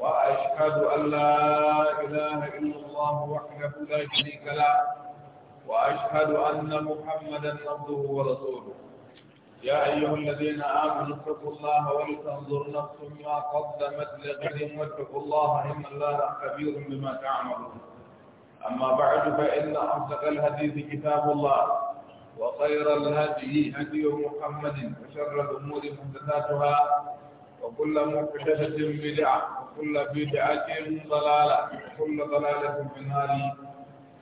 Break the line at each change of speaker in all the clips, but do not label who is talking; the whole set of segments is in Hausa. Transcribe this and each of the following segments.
وأشهد أن لا إله إلا الله وحده لا شريك له وأشهد أن محمدا عبده ورسوله يا أيها الذين آمنوا اتقوا الله ولتنظر نفس ما قدمت لغد واتقوا الله إن الله خبير بما تعملون أما بعد فإن أصدق الحديث كتاب الله وخير الهدي هدي محمد وشر الأمور محدثاتها وكل محدثة بدعة وكل بدعة ضلالة وكل ضلالة في النار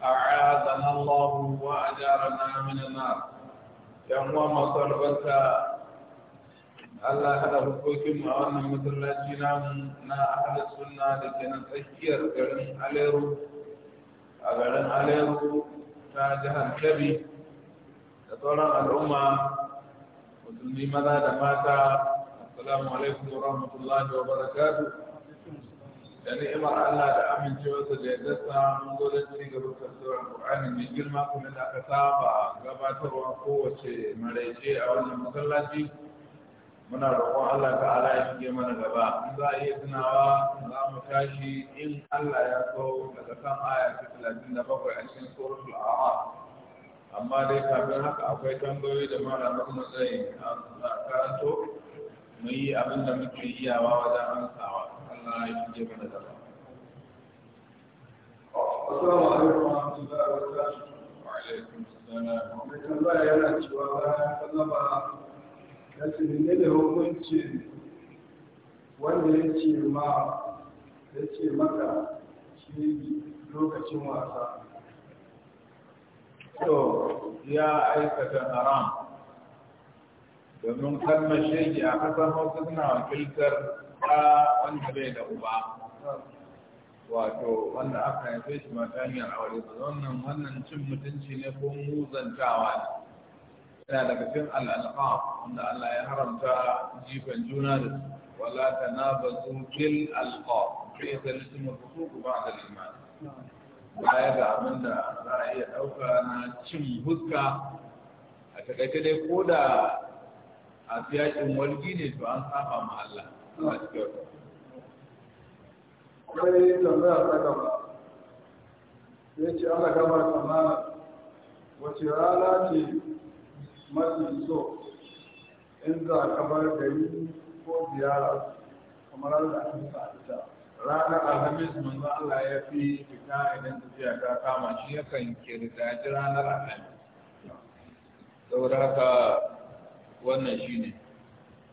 أعاذنا الله وأجارنا من النار يوم ما صرفت Allah haɗa hukokin a wannan masallaci namu na ahalar suna da ke nan tsakiyar garin Aleru a garin Aleru ta jihar Kebbi da sauran al'umma musulmi maza da mata assalamu alaikum wa rahmatullahi wa barakatuh
da ni'imar Allah da amincewarsa da yardarsa
mun zo don ci gaba Qur'ani mai girma kuma da aka saba gabatarwa kowace maraice a wannan masallaci muna roƙon Allah ta'ala ya shige mana gaba in za a iya tunawa za mu tashi in Allah ya so daga kan aya ta talatin da bakwai a cikin suratul amma dai kafin haka akwai tambayoyi da malaman matsayi a ah, karanto mu yi abin da muke iyawa wajen amsawa wa ya ce da wanda ya ce ma ya ce maka shi lokacin wasa to ya aikata haram domin kalmar shege a kasar hausa suna wakiltar ɗa wanda bai da uba wato wanda aka haife shi ma ta hanyar aure ba wannan wannan cin mutunci ne ko muzantawa ne yana daga cikin al'alqaf wanda Allah ya haramta jifan juna da su ولا تنابزوا بالألقاب فإذا الاسم الفسوق da الإيمان baya ga abin da za a iya ɗauka na cin huska a takaice dai ko da a fiyakin walgi ne to an saba ma Allah a cikin wani tambaya ta gaba ya ce ana gaba wace rana ce mafi so in za a kamar gari ko ziyara kamar da ake sa ita ranar alhamis manzo Allah ya fi fita idan tafiya ta kama shi yakan kirdaji ranar alhamis saboda haka wannan shi ne,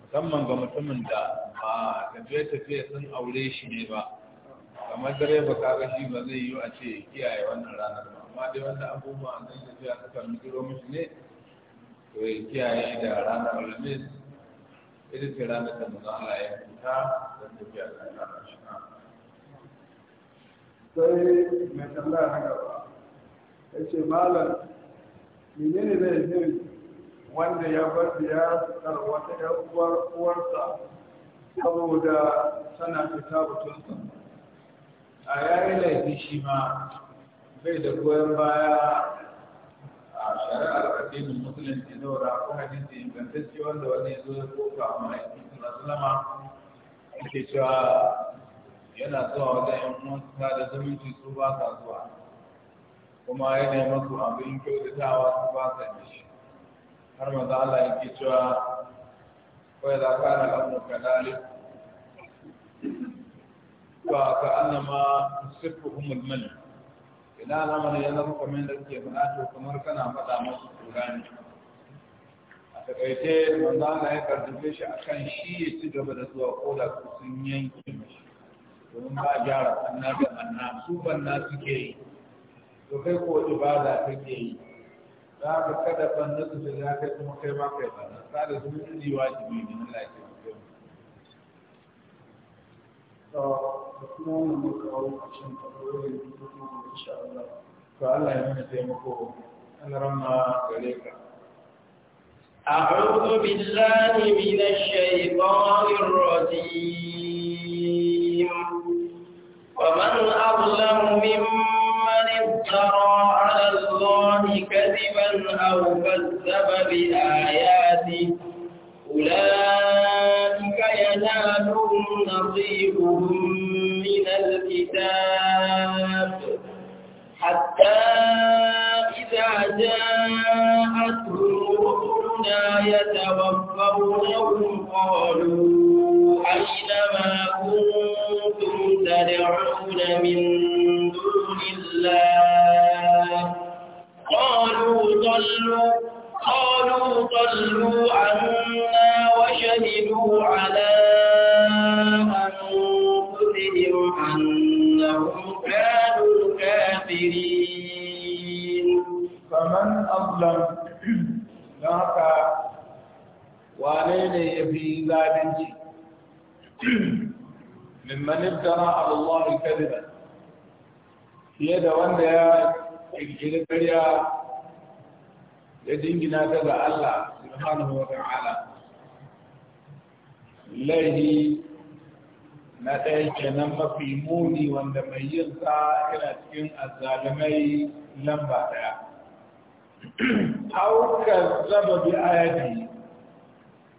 musamman ga mutumin da ba tafiye-tafiye sun aure shi ne ba kamar ba kaga shi ba zai yi a ce kiyaye wannan ranar ba amma dai wanda abubuwa a zai tafiya suka jiro mishi ne to ya kiyaye da ranar alamis irin ce ranar da maza Allah ya fita don tafiya ta yi ranar shi sai mai tambaya haka ba ya ce malam menene zai zai wanda ya bar da tsakar wata ‘yar uwar uwarsa saboda tana fita butunsa a yayi laifi shi ma bai da goyon baya a shari'ar addinin musulunci wura ko hadisi ingantacce wanda wani ya zo ya koka a ma'aikin sallama yake cewa yana zuwa wajen yan uwansa da zumunci su ba sa zuwa kuma yana masu abin kyautatawa su ba sa shi har manzo Allah yake cewa wai za ka na abu kadali ba ka annama sifu umul mal ina lamar ya zama kamar da ke faɗa to kamar kana faɗa musu tura ne a takaice manzo Allah ya karfafe shi akan shi ya ci gaba da zuwa koda su sun yanke mashi domin ba gyara annabi annabi su banna suke yi to kai ko ibada take yi za ka kada bannin su da za ka kuma kai ba kai ba na tsara su ne wajibi ne na lafiya to kuma wannan muka kawo ƙarshen tabbayoyin da kuma insha Allah to Allah ya mana taimako an ramma gare ka
أعوذ بالله من الشيطان الرجيم ومن أظلم ممن افترى على الله كذبا أو كذب بآياته أولئك ينالهم نصيبهم من الكتاب حتى إذا جاءتهم رسلنا يتوفونهم قالوا أين ما كنتم تدعون من قالوا ضلوا عنا وشهدوا على أنفسهم أنهم كانوا كافرين فمن أظلم
وعلينا ممن افترى على الله كذبا fiye da wanda ya ƙirƙiri ƙarya ya dingina ta ga Allah subhanahu wa ta'ala laihi na ɗaya kenan mafi muni wanda mai yin sa yana cikin azalimai lamba ɗaya auka zaba bi ayati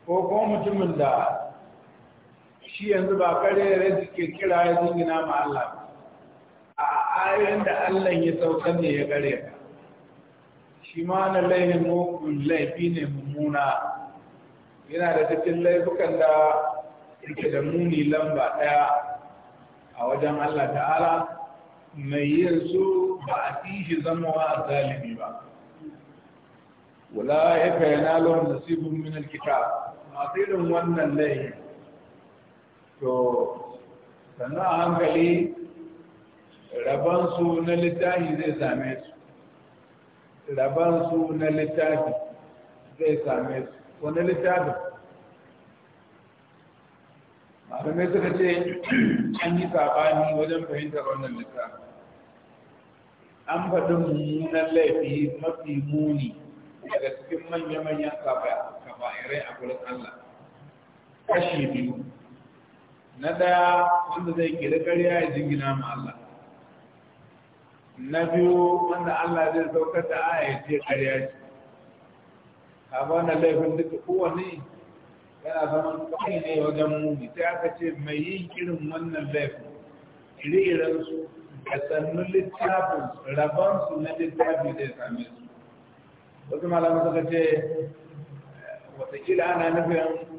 ko kuma mutumin da shi yanzu ba kare yare ke kira ya jingina ma Allah ayoyin da Allah ya saukar ne ya gare ka shi ma na laifin mokun laifi ne mummuna yana da cikin laifukan da yake da muni lamba ɗaya a wajen Allah ta'ala mai yin su ba a fi shi zamowa a zalibi ba
wala ya na lawan
nasibin min alkitab masu irin wannan laifin to sannan a hankali rabansu na littafi zai same su rabansu na littafi zai same su wani littafin malamai suka ce an yi sabani wajen fahimtar wannan littafin an faɗi mummunan laifi mafi muni daga cikin manya-manyan kaba'irai a gurin Allah kashi biyu na ɗaya wanda zai kira ƙarya ya jingina ma Allah na biyu wanda Allah zai saukar da aya ce ƙarya ce a wannan laifin duka kowane yana zaman kai ne wajen muni sai aka ce mai yi kirin wannan laifin ire-iren su da sannu littafin rabon su na littafi da ya same su wasu malamu suka ce watakila ana nufin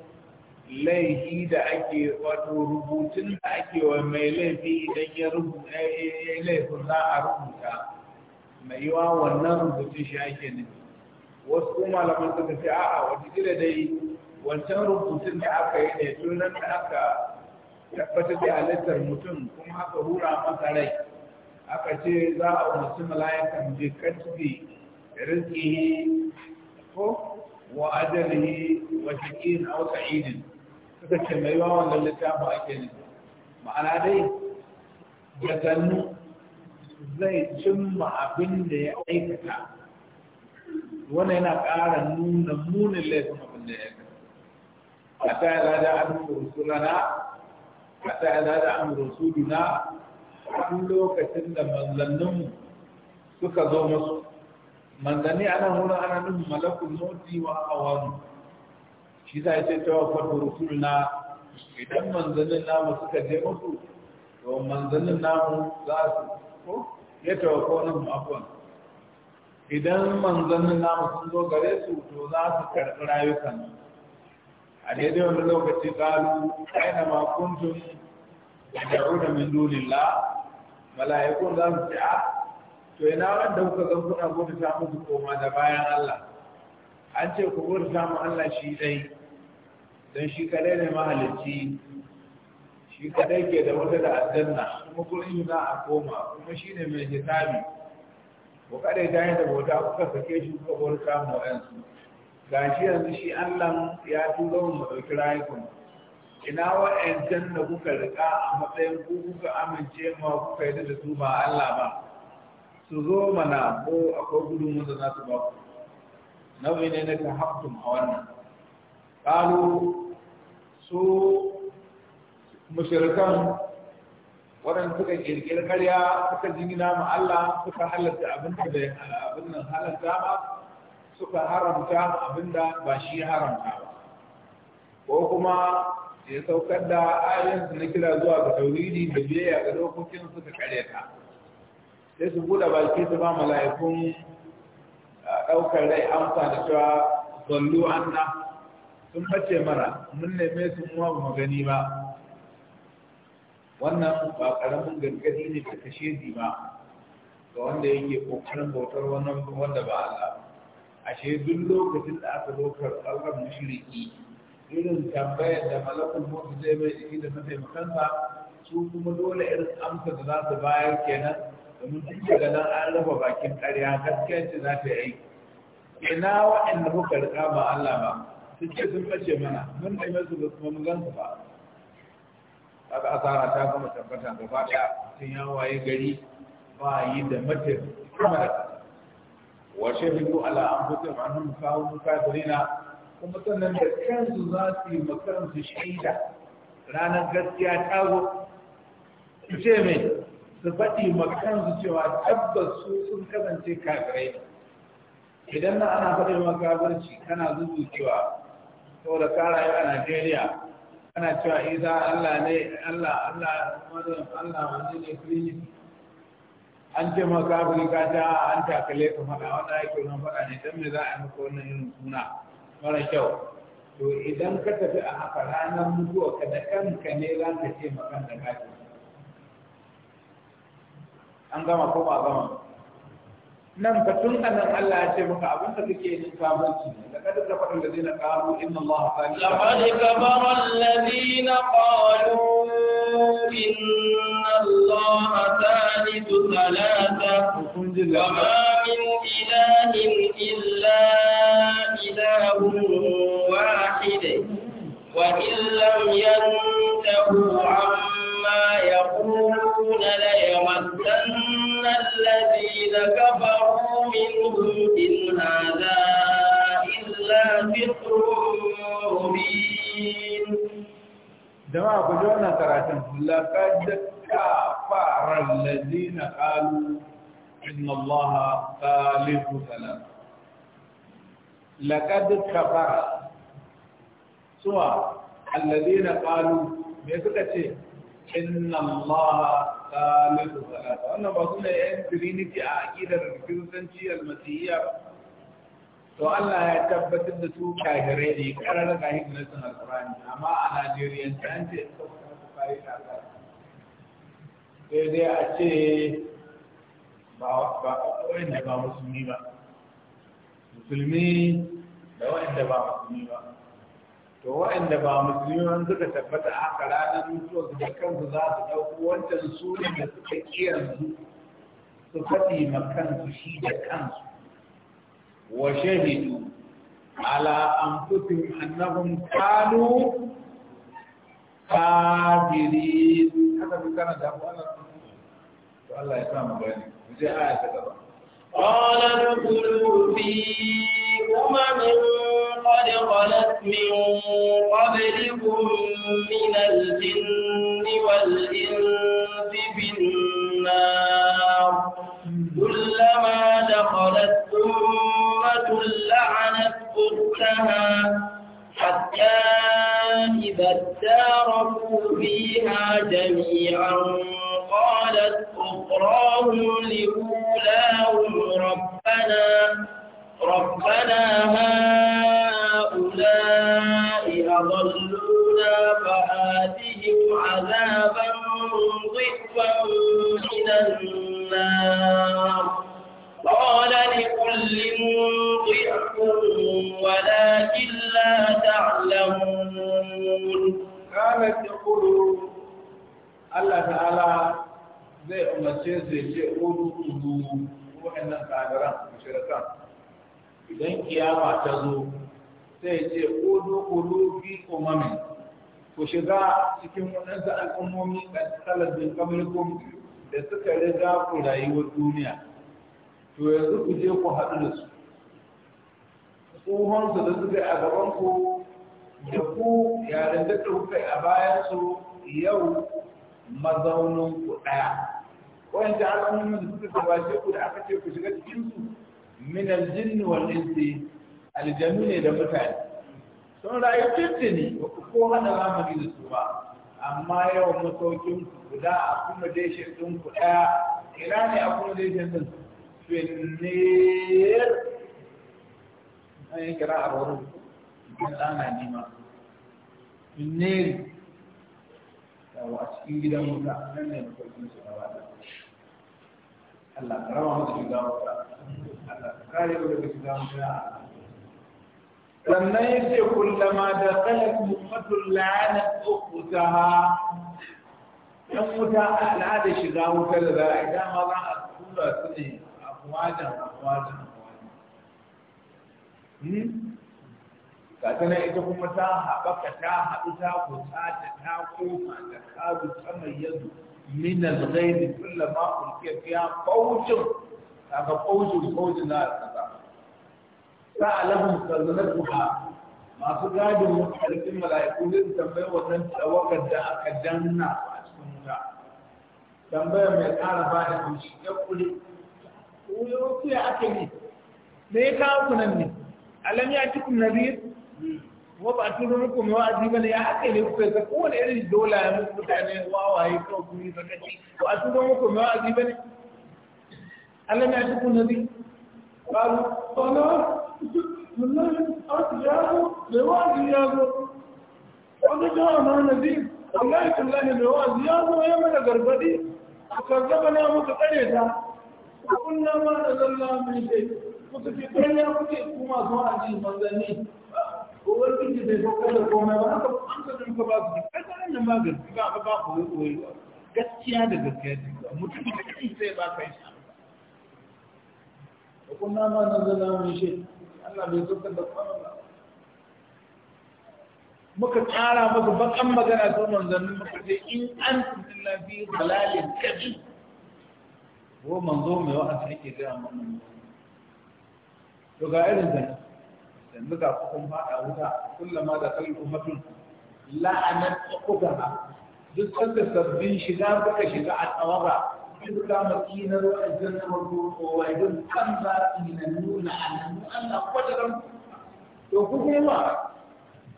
laifi da ake wato rubutun da ake wa mai laifi idan ya rubuta laifin za a rubuta mai yiwa wannan rubutun shi ake nufi wasu kuma malaman suka ce a'a wata kila dai wancan rubutun da aka yi ne sunan da aka tabbatar da halittar mutum kuma aka hura masa rai aka ce za a umarci mala'ikan bi kasbi rizqihi ko wa ajalihi wa shakin hausa sa'idin take mai mai wa wannan littafin ake ne ma'ana dai da sannu zai cimma abin da ya aikata wannan yana ƙara nuna munin laifin abin da ya aikata a ta yada da amuru rusulana a ta yada da amuru rusuluna a lokacin da manzannin suka zo masu manzanni ana wurin ana nufin malakul mawti wa awanu shi za a ce tawafatu na idan manzannin namu suka je musu to manzannin namu za su ko ya tawafo nan afwan idan manzannin namu sun zo gare su to za su karɓi rayukan a daidai wani lokaci ƙalu aina ma kuntum da min dunillah mala'ikun za su ce a to ina wanda kuka zan kuna gudu ta musu koma da bayan Allah an ce ku gudu ta mu Allah shi dai don shi kadai ne mahalicci shi kadai ke da wata da aljanna kuma gurin za a koma kuma shi ne mai hisabi ko kadai ta yi da bauta kuka sake shi kuka bar samu wa'ansu ga shi yanzu shi allah ya tura mu ɗauki rayukun ina wa'ancan da kuka rika a matsayin ku kuka amince ma kuka yi da su ba allah ba su zo mana ko akwai gudun da za su ba ku nau'i ne na ta haftun a wannan kalu su mushrikan waɗanda suka kirkiri karya suka jingina ma Allah suka halatta abin da abin nan halatta ba suka haramta abin da ba shi haramta ba ko kuma ya saukar da ayoyinsu na kira zuwa ga tauridi da biyayya da dokokin suka karyata sai su buɗe baki su ba mala'ikun ɗaukar rai amsa da cewa zallu anna sun bace mara mun neme su kuma ba gani ba wannan ba karamin gargadi ne da kashe ji ba ga wanda yake kokarin bautar wannan wanda ba Allah ashe duk lokacin da aka zo karɓar mushriki irin tambayar da malakul mutu zai mai jiki da mataimakansa su kuma dole irin amsa da za su bayar kenan domin duk daga nan an raba bakin ƙarya gaskiya ce za ta yi ina waɗanda muka riƙa ba Allah ba suke sun ɓace mana mun neme su ba kuma mun gansu ba Aka asara ta kuma tabbata gaba faɗa sun ya waye gari ba yi da mace kuma da wa shahidu ala anfusihim annahum kanu kafirina kuma sannan da kansu za su yi makaransu shaida ranar gaskiya ta zo su ce mai su faɗi makaransu cewa tabbas su sun kasance kafirai idan na ana faɗin makafirci kana zubu cewa saboda kara yi a Najeriya ana cewa Isa Allah ne Allah Allah Maryam Allah wani ne Kristi an ce ma kafin ka ta an takale ka faɗa wanda yake nan faɗa ne dan me za a maka wannan irin suna mara kyau to idan ka tafi a haka ranar mutuwa ka da kanka ne za ka ce makan da kaji an gama ko ba gama نم كتون أن الله يجمع أبناء كيان كابل لقد كفر الذين قالوا إن الله
قال لقد كبر الذين قالوا إن الله ثالث ثلاثة وما من إله إلا إله واحد وإن لم ينتهوا عما يقولون يقولون ليمسن الذين كفروا منهم إن هذا إلا سحر
مبين جماعة بجونا تراتم لقد كفر الذين قالوا إن الله ثالث ثلاثة لقد كفر سوى الذين قالوا me suka ce inna salisu salata ba su ne yan trinity a aƙidar kiristanci almasiyya to Allah ya tabbatar da su kafirai ne karar kahin nasin alkurani amma a Najeriya ta ba ce sai dai a ce ba wanda ba musulmi ba musulmi da wanda ba musulmi ba to waɗanda ba musulmi an suka tabbata haka ranar mutuwa su da kansu za su ɗauko wancan sunan da suka kiyansu su faɗi ma kansu shi da kansu wa shahidu ala anfusihim annahum kanu kafirin haka kana da Allah to Allah ya aya ta gaba qala
قد خلت من قبلكم من الجن والإنس في النار كلما دخلت أمة لعنت أختها حتى إذا اداركوا فيها جميعا قالت أخراهم لأولاهم ربنا ربنا هذا أضلونا فآتهم عذابا ضعفا من النار قال لكل ضعف ولكن لا تعلمون كانت تقول الله تعالى
zai umarce su ya ce odu tudu wa'annan kagaran mashirkan idan kiyama ta zo sai ce kudu kudu fi umami ku shiga cikin waɗansu al'ummomi a talabin kamarikun da suka riga ku rayuwar duniya to yanzu ku je ku haɗu da su tsohonsu da suka a gaban ku da ku yaren da kuka a bayansu yau mazaunin ku ɗaya wanda al'ummomin da suka gabace ku da aka ce ku shiga cikinsu min aljinni wal insi aljanu ne da mutane sun rayu tuntuni ba ku ko hada zamani da su ba amma yawan masaukin ku guda a kuma deshin ɗin ku ɗaya ina ne a kuma deshin ɗin finir an yi kira a wurin ɗan ɗana nima finir yawa a cikin gidan wuta nan ne masaukin su gaba da Allah karama rama masa shiga wuta Allah ka kare daga shiga wuta لما يجي كلما دخلت مؤمنة لعنة أختها
يموتها أهل هذا الشيء لا مثل ذلك إذا ما
رأى أدخل أسنه أفواجا أفواجا كأتنا إذا كنت متاحة بك تاحة إذا كنت تاحة إذا كنت تاحة من الغير كل ما قلت فيها فوجه هذا فوجه فوجه نارك sa'alahum sallatuha masu gadin a cikin wuta tambaya mai ƙara shi ya قالوا صلاة والله أنت يا أبو لوالد يا أبو wani jihar na nazir wallahi tallahi mai wa'azi ya zo ya mana gargadi a karzaba na muka tsare ta a kunna ma da zalla mai dai muka da ya kuke kuma su ba haka an ka zama ba su kai tsarin nan ba gaskiya ba ba koyi koyi gaskiya da gaskiya mutum da
kai sai ba kai
da kuma ma nan zana mun shi Allah bai zo da kuma muka tsara maka bakan magana ta manzannin muka ce in an tutun lafi
halalin kaji
ko manzo mai wa'azi yake gaya mana to ga irin zai yanzu ga kun fada wuta kullama da kalli ummatun la'anat uqdaha duk sanda sabbin shiga baka shiga a tsawara illa kuma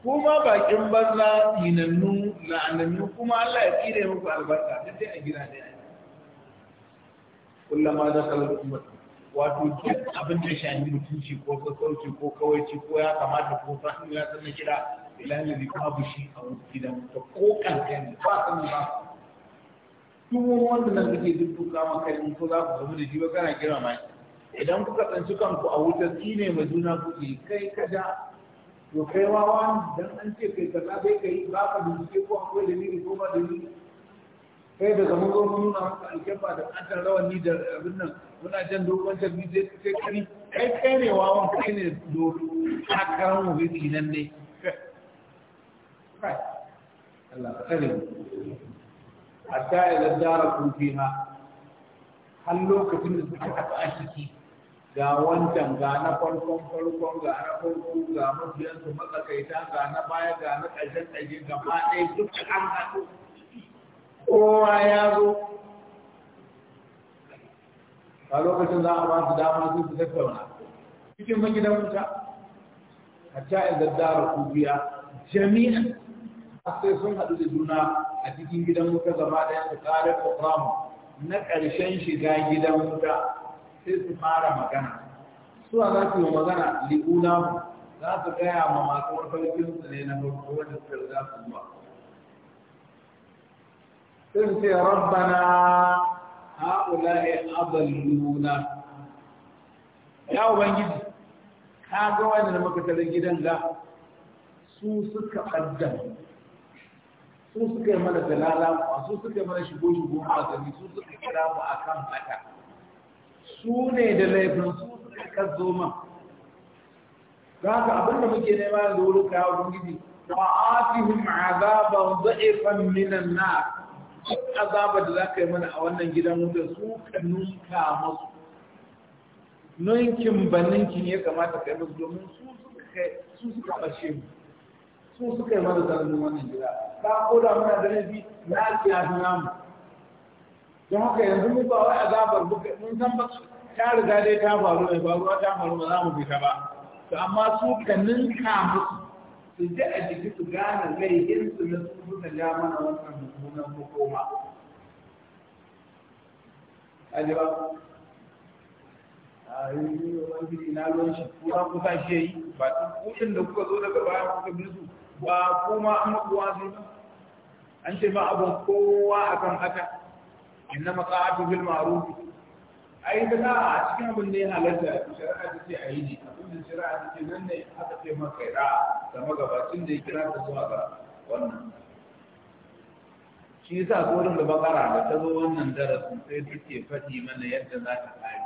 kuma bakin banza kuma Allah ya kire muku albarka da a gina da yayi da wato duk abin da shi mutunci ko sauki ko kawaici ko ya kamata ko ta hanyar sanin kira ilahi ne babu shi a wurin gidan ko kankan ba san ba Kuma wanda nan kake dudduka maka kai ko za ku zama da shi ba kana kira ma idan kuka tsanci kanku a wutar ki ne mai juna kuke kai kada to kai wawa dan an ce kai kaza bai kai ba ka bincike ko akwai ni, ko ba da ni. kai da zaman zo nuna maka alkefa da kantar ni da abin nan muna jan dogon bi sai kai kai kai kai ne wawan kai ne dodo a karan mu bi nan ne Allah ka kare mu hatta idza daraku fiha har lokacin da suka tafi a ciki ga wancan ga na farkon farkon ga na farko ga mabiyansu matsakaita ga na baya ga na ƙarshen ƙarshe gaba ɗaya duk an haɗu kowa ya zo a lokacin za a ba su dama su su tattauna cikin magidan wuta hatta idza daraku fiha jami'an sai sun haɗu da juna a cikin gidan wuta gaba ɗaya su ƙare ƙwamu na ƙarshen shiga gidan wuta sai su fara magana suwa za su yi magana mu za su gaya ma masu mafarkin su ne na farko wanda suka riga su zuwa sun ce rabbana haula'i adalluna ya ubangiji ka ga wani da muka gidan ga su suka addana su suka yi mana dalala su suka yi mana shigo shigo magani su suka kira mu a kan haka su ne da laifin su suka kazo man za ka abin da muke nema da wurin kawo ubangiji wa'atihim azaban da'ifan minan na azaba da za ka yi mana a wannan gidan wuta su ka nunka masu nunkin ba ninkin ya kamata ka yi musu domin su suka bashe mu su suka yi mana zarafin wannan gida ta ko da muna da laifi na siya su namu don haka yanzu mu ba wai azabar muka mun san ba ta riga dai ta faru mai ba ruwa ta faru ba za mu fita ba to amma su ka ninka musu su ji a jiki su gane yin su na su suka ja mana wannan mummunan hukuma Ajiba, a yi wani na ruwan shi, kuma kusa shi yi, ba kuɗin da kuka zo daga bayan kuka bi su, ba kuma an wazi an ce ma abin kowa akan haka inna maqa'atu bil ma'ruf ai da a cikin abin da ya halatta shari'a ta ce ayi ne abin da shari'a ta ce nan ne aka ce ma kaira da magabacin da ya kira ta zuwa ga wannan shi yasa gurin da bakara da ta zo wannan darasin sai take faɗi mana yadda za ta kare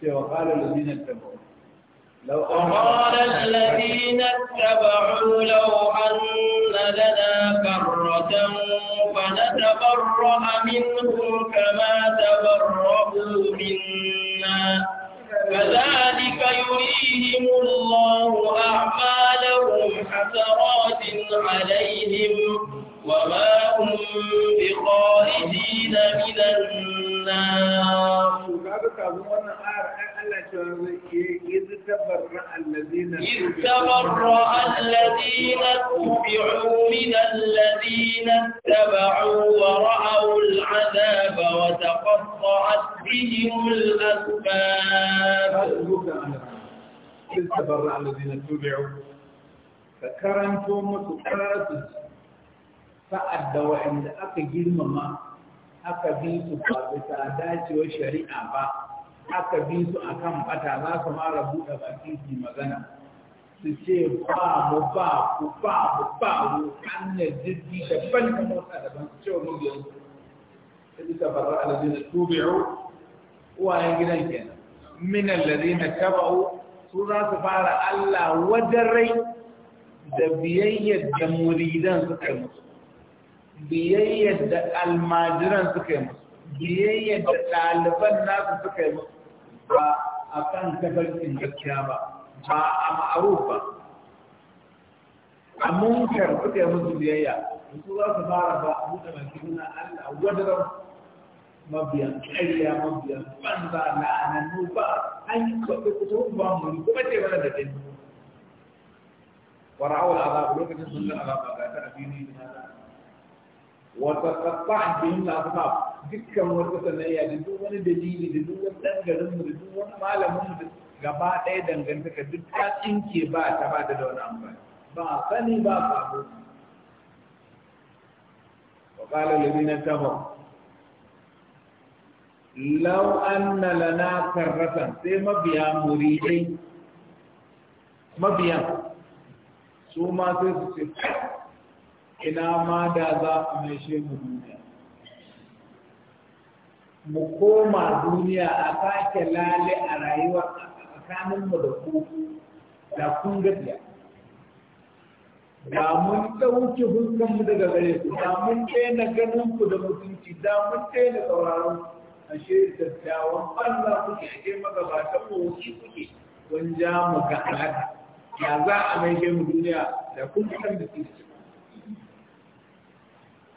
cewa qala lumina tabu وقال الذين اتبعوا لو أن
لنا كرة فنتبرأ منهم كما تبرأوا منا كذلك يريهم الله أعمالهم حسرات عليهم وما هم بخارجين من النار
إذ تبرأ الذين اتبعوا من الذين
اتبعوا ورأوا العذاب وتقطعت بهم الأسباب
إذ تبرأ الذين اتبعوا فكرمتم وتكررتم فأدوا عند أكي جرم aka bi su ba bisa dacewar shari'a ba aka bi su a kan bata za su mara buɗe bakin su magana su ce ba mu ba ku ba mu ba mu hanyar jirgi daban da motsa daban su ce wa mubiyan su bisa farar alazina tubi'u uwayen gidan kenan minan alazina taba'u su za su fara Allah wajen rai da biyayyar da muridan suka musu biyayyar da almajiran suka yi musu biyayyar da ɗaliban nasu suka yi musu ba a kan tafarkin gaskiya ba ba a ma'aruf ba a munkar suka yi musu biyayya su za su fara ba a buɗe mai suna Allah wadaran mabiyan ƙarya mabiyan banza la'anannu ba an yi kwaɗe kusa ba mu kuma ce mana da dai wara'awar azabu lokacin sun ga azaba ga ta abini na wata kafa bihim al-asbab dukkan wata sanayya da duk wani dalili da duk wani dangarin mu da duk wani malamin mu gaba ɗaya dangantaka duk ta tsinke ba ta ba da wani amfani ba a sani ba a sabo wa qala alladhina kafaru law anna lana karratan sai mabiya muridai mabiya su ma sai su ce ina ma da za a maishe mu duniya mu koma duniya a sake lale a rayuwa tsakaninmu da ku da kun gajiya. da mun ɗauki hulkanmu daga gare ku da mun daina ganin ku da mutunci da mun daina sauraron ashe dattawan Allah kuke ashe magabatan mu wuce kuke wani ja mu ga alaƙa. ya za a maishe mu duniya da kun san da su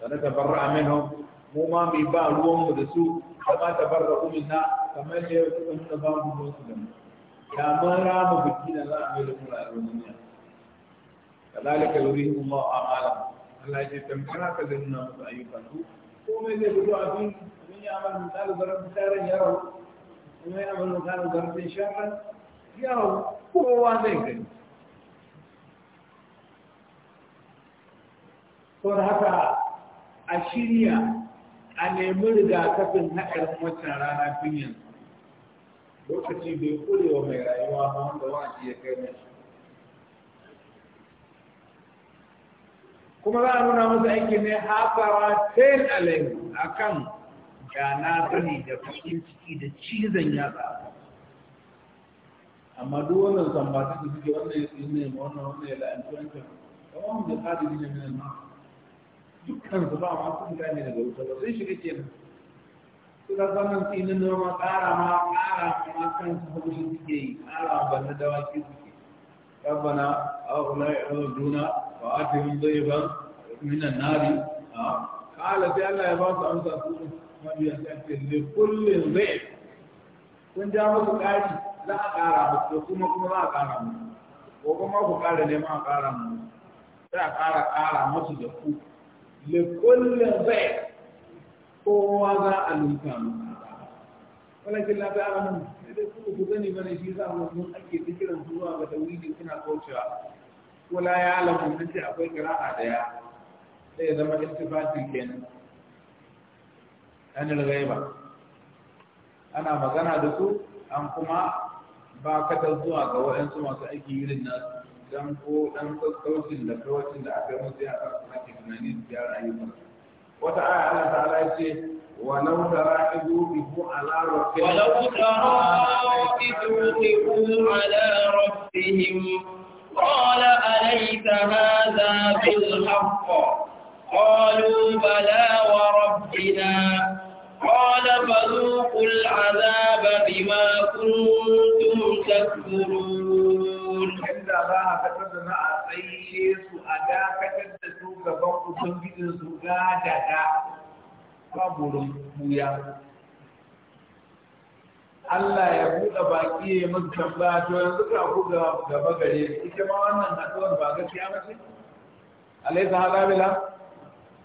فنتبرأ منهم وما بيباع روم ودسو كما تبرأوا منا كما يكون نظام المسلم كما رام بالدين الله عمل مولا الأرمانية كذلك يريهم الله أعمالهم الله يجب هكذا لنا أيها وما يجب أن يعمل مثال ضرب خيرا يروا وما يعمل مثال ضرب شرا يروا هو ذلك صار هكذا a shirya a nemi rigakafin haɗarin waccan rana tun yanzu lokaci bai kure wa mai rayuwa ba wanda wa'azi ya kai mai kuma za a nuna masa aiki ne hafawa tel alayi a kan yana sani da fashin ciki da cizon yatsa amma duk wannan sambatu da suke wannan ya tsinne ma wannan wannan ya la'antuwancin kawai wanda tsari ne na minan dukkan su ba ma su mutane daga wuta ba sai shi shiga kenan su ka zaman tsinin noma ƙara ma ƙara ma kan su shi suke yi ƙara ma banna dawaki suke rabbana aulai aladuna wa atihim dhayban min an-nari Kala bi Allah ya ba su amsa su ma bi yasati li kulli dhayb kun ja musu ƙari za a ƙara musu kuma kuma za a ƙara musu ko kuma ku ƙara neman a ƙara musu sai a ƙara ƙara musu da ku likullin zai kowa za a nuka masa walakin lafi a ranar sai dai kuma ku gani bane shi za mu mun ake zikirin zuwa ga tawhidi kuna kaucewa ko ya alamu nan ce akwai qira'a daya sai ya zama istifati kenan anil ghaiba ana magana da su an kuma ba ka zuwa ga waɗansu masu aiki irin nasu dan ko dan sassaucin da kawacin da aka musu ya sa su ake tunani su wata aya Allah ta'ala ya ce ولو ترى
إذ على ربهم ولو ترى إذ على ربهم قال أليس هذا بالحق قالوا بلى وربنا قال فذوقوا العذاب بما كنتم تكفرون inda za a kasar da na a tsaye su
a dakatar da su gaban ubangijin su ga da da babu buya Allah ya buɗe baki ya musu tamba to yanzu ka ku gaba gare ita ma wannan haɗuwar ba gaskiya ba ce alaisa bila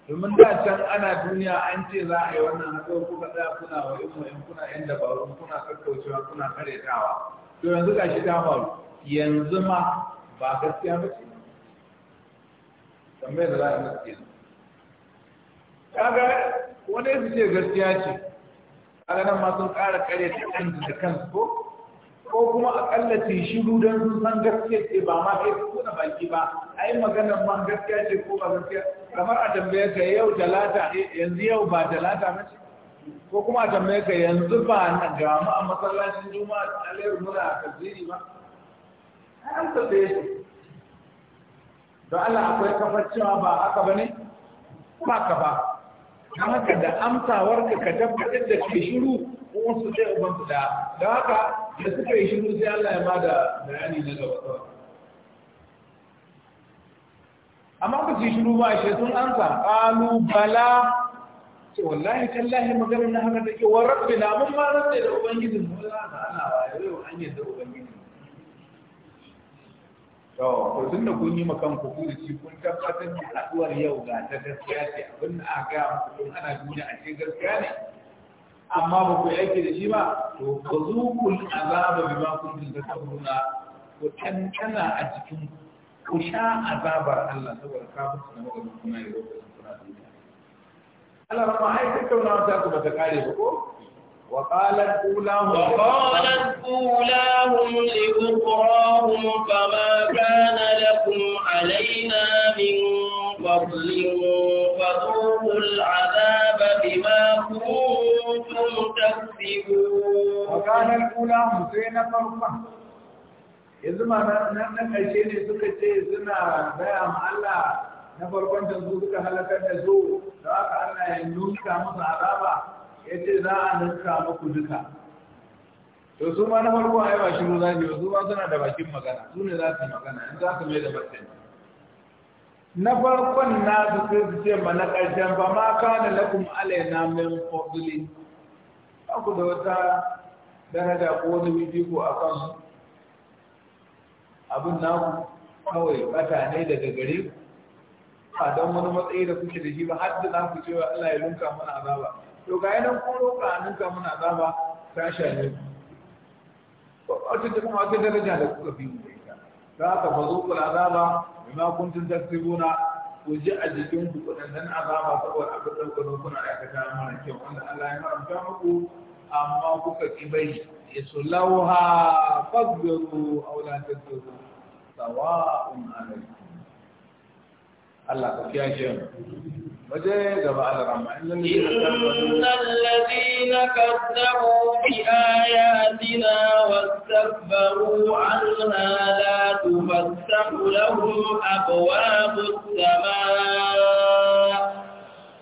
domin da can ana duniya an ce za a yi wannan haɗuwar kuka tsaya kuna wa in kuna yan dabarun kuna kakkaucewa kuna karetawa to yanzu ga shi ta faru yanzu ma ba gaskiya ba ce tambayar da za a gaskiya kaga wani su ce gaskiya ce kaga nan ma sun ƙara kare ta kansu da kansu ko ko kuma akalla ce shiru don sun san gaskiya ce ba ma kai su na baki ba ai maganar ma gaskiya ce ko ba gaskiya kamar a tambaye ka yau talata yanzu yau ba talata ba ce ko kuma a tambaye ka yanzu ba na gamu a masallacin juma'a a muna a tasiri ba an tambaye su don Allah akwai kafar cewa ba haka ba ne ba ka ba don haka da amsawar ka ka tabbatar da ke shiru ko su zai uban su da don haka da suka yi shiru sai Allah ya bada bayani na gaba amma ku ci shiru ba shi sun amsa qalu bala ce wallahi tallahi maganar na haka take wa rabbina mun ma rabbe da ubangijin mu Allah Allah ba yau an yadda ubangiji to tun da kun yi makan ku furuci kun tabbatar da haduwar yau ga ta gaskiya ce abin da aka gaya muku kun ana duniya a ce gaskiya ne amma ba ku aiki da shi ba to ku zuƙul azaba bi ma kun da ku tantana a cikin ku sha azabar Allah saboda kafin su na magana kuma yi lokacin kuna duniya. Allah ba ma ai tattaunawa ta ku ba kare ba وقالت أولاهم وقالت
أولاهم لأخراهم فما كان لكم علينا من فضل فذوقوا العذاب بما كنتم تكسبون وقالت أولاهم
سينا فرقا إذ ما نمنا شيء سكت إذنا بهم الله نفرقان تنزوك هلكا نزوك سواء كان ينزوك مصعبا ya ce za a ninka muku duka to su ma na farko ai ba shiru za su su ma suna da bakin magana su ne za su yi magana in za su mai da bakin na farkon na su sai su ce ma na ƙarshen ba ma kana lakum alaina min fadli ba ku da wata daraja ko wani ko a kan abin naku kawai batane daga gare ku ba don wani matsayi da kuke da shi ba har da za ku cewa Allah ya lunka mana azaba to ga yanan kun ka a ninka muna azaba ta shafe wata ta kuma wata daraja da kuka fi mu ita ta haka ba zo kula azaba bima kuntum taksibuna ku ji a jikin ku kudannan azaba saboda abin da kuka kuna aikata mana kyau wanda Allah ya haramta muku amma kuka ki bai islauha fagbiru aw la tadbiru sawa'un alaykum Allah ka kiyaye mu إن الذين
كذبوا بآياتنا واستكبروا عنها لا تفتح لهم أبواب السماء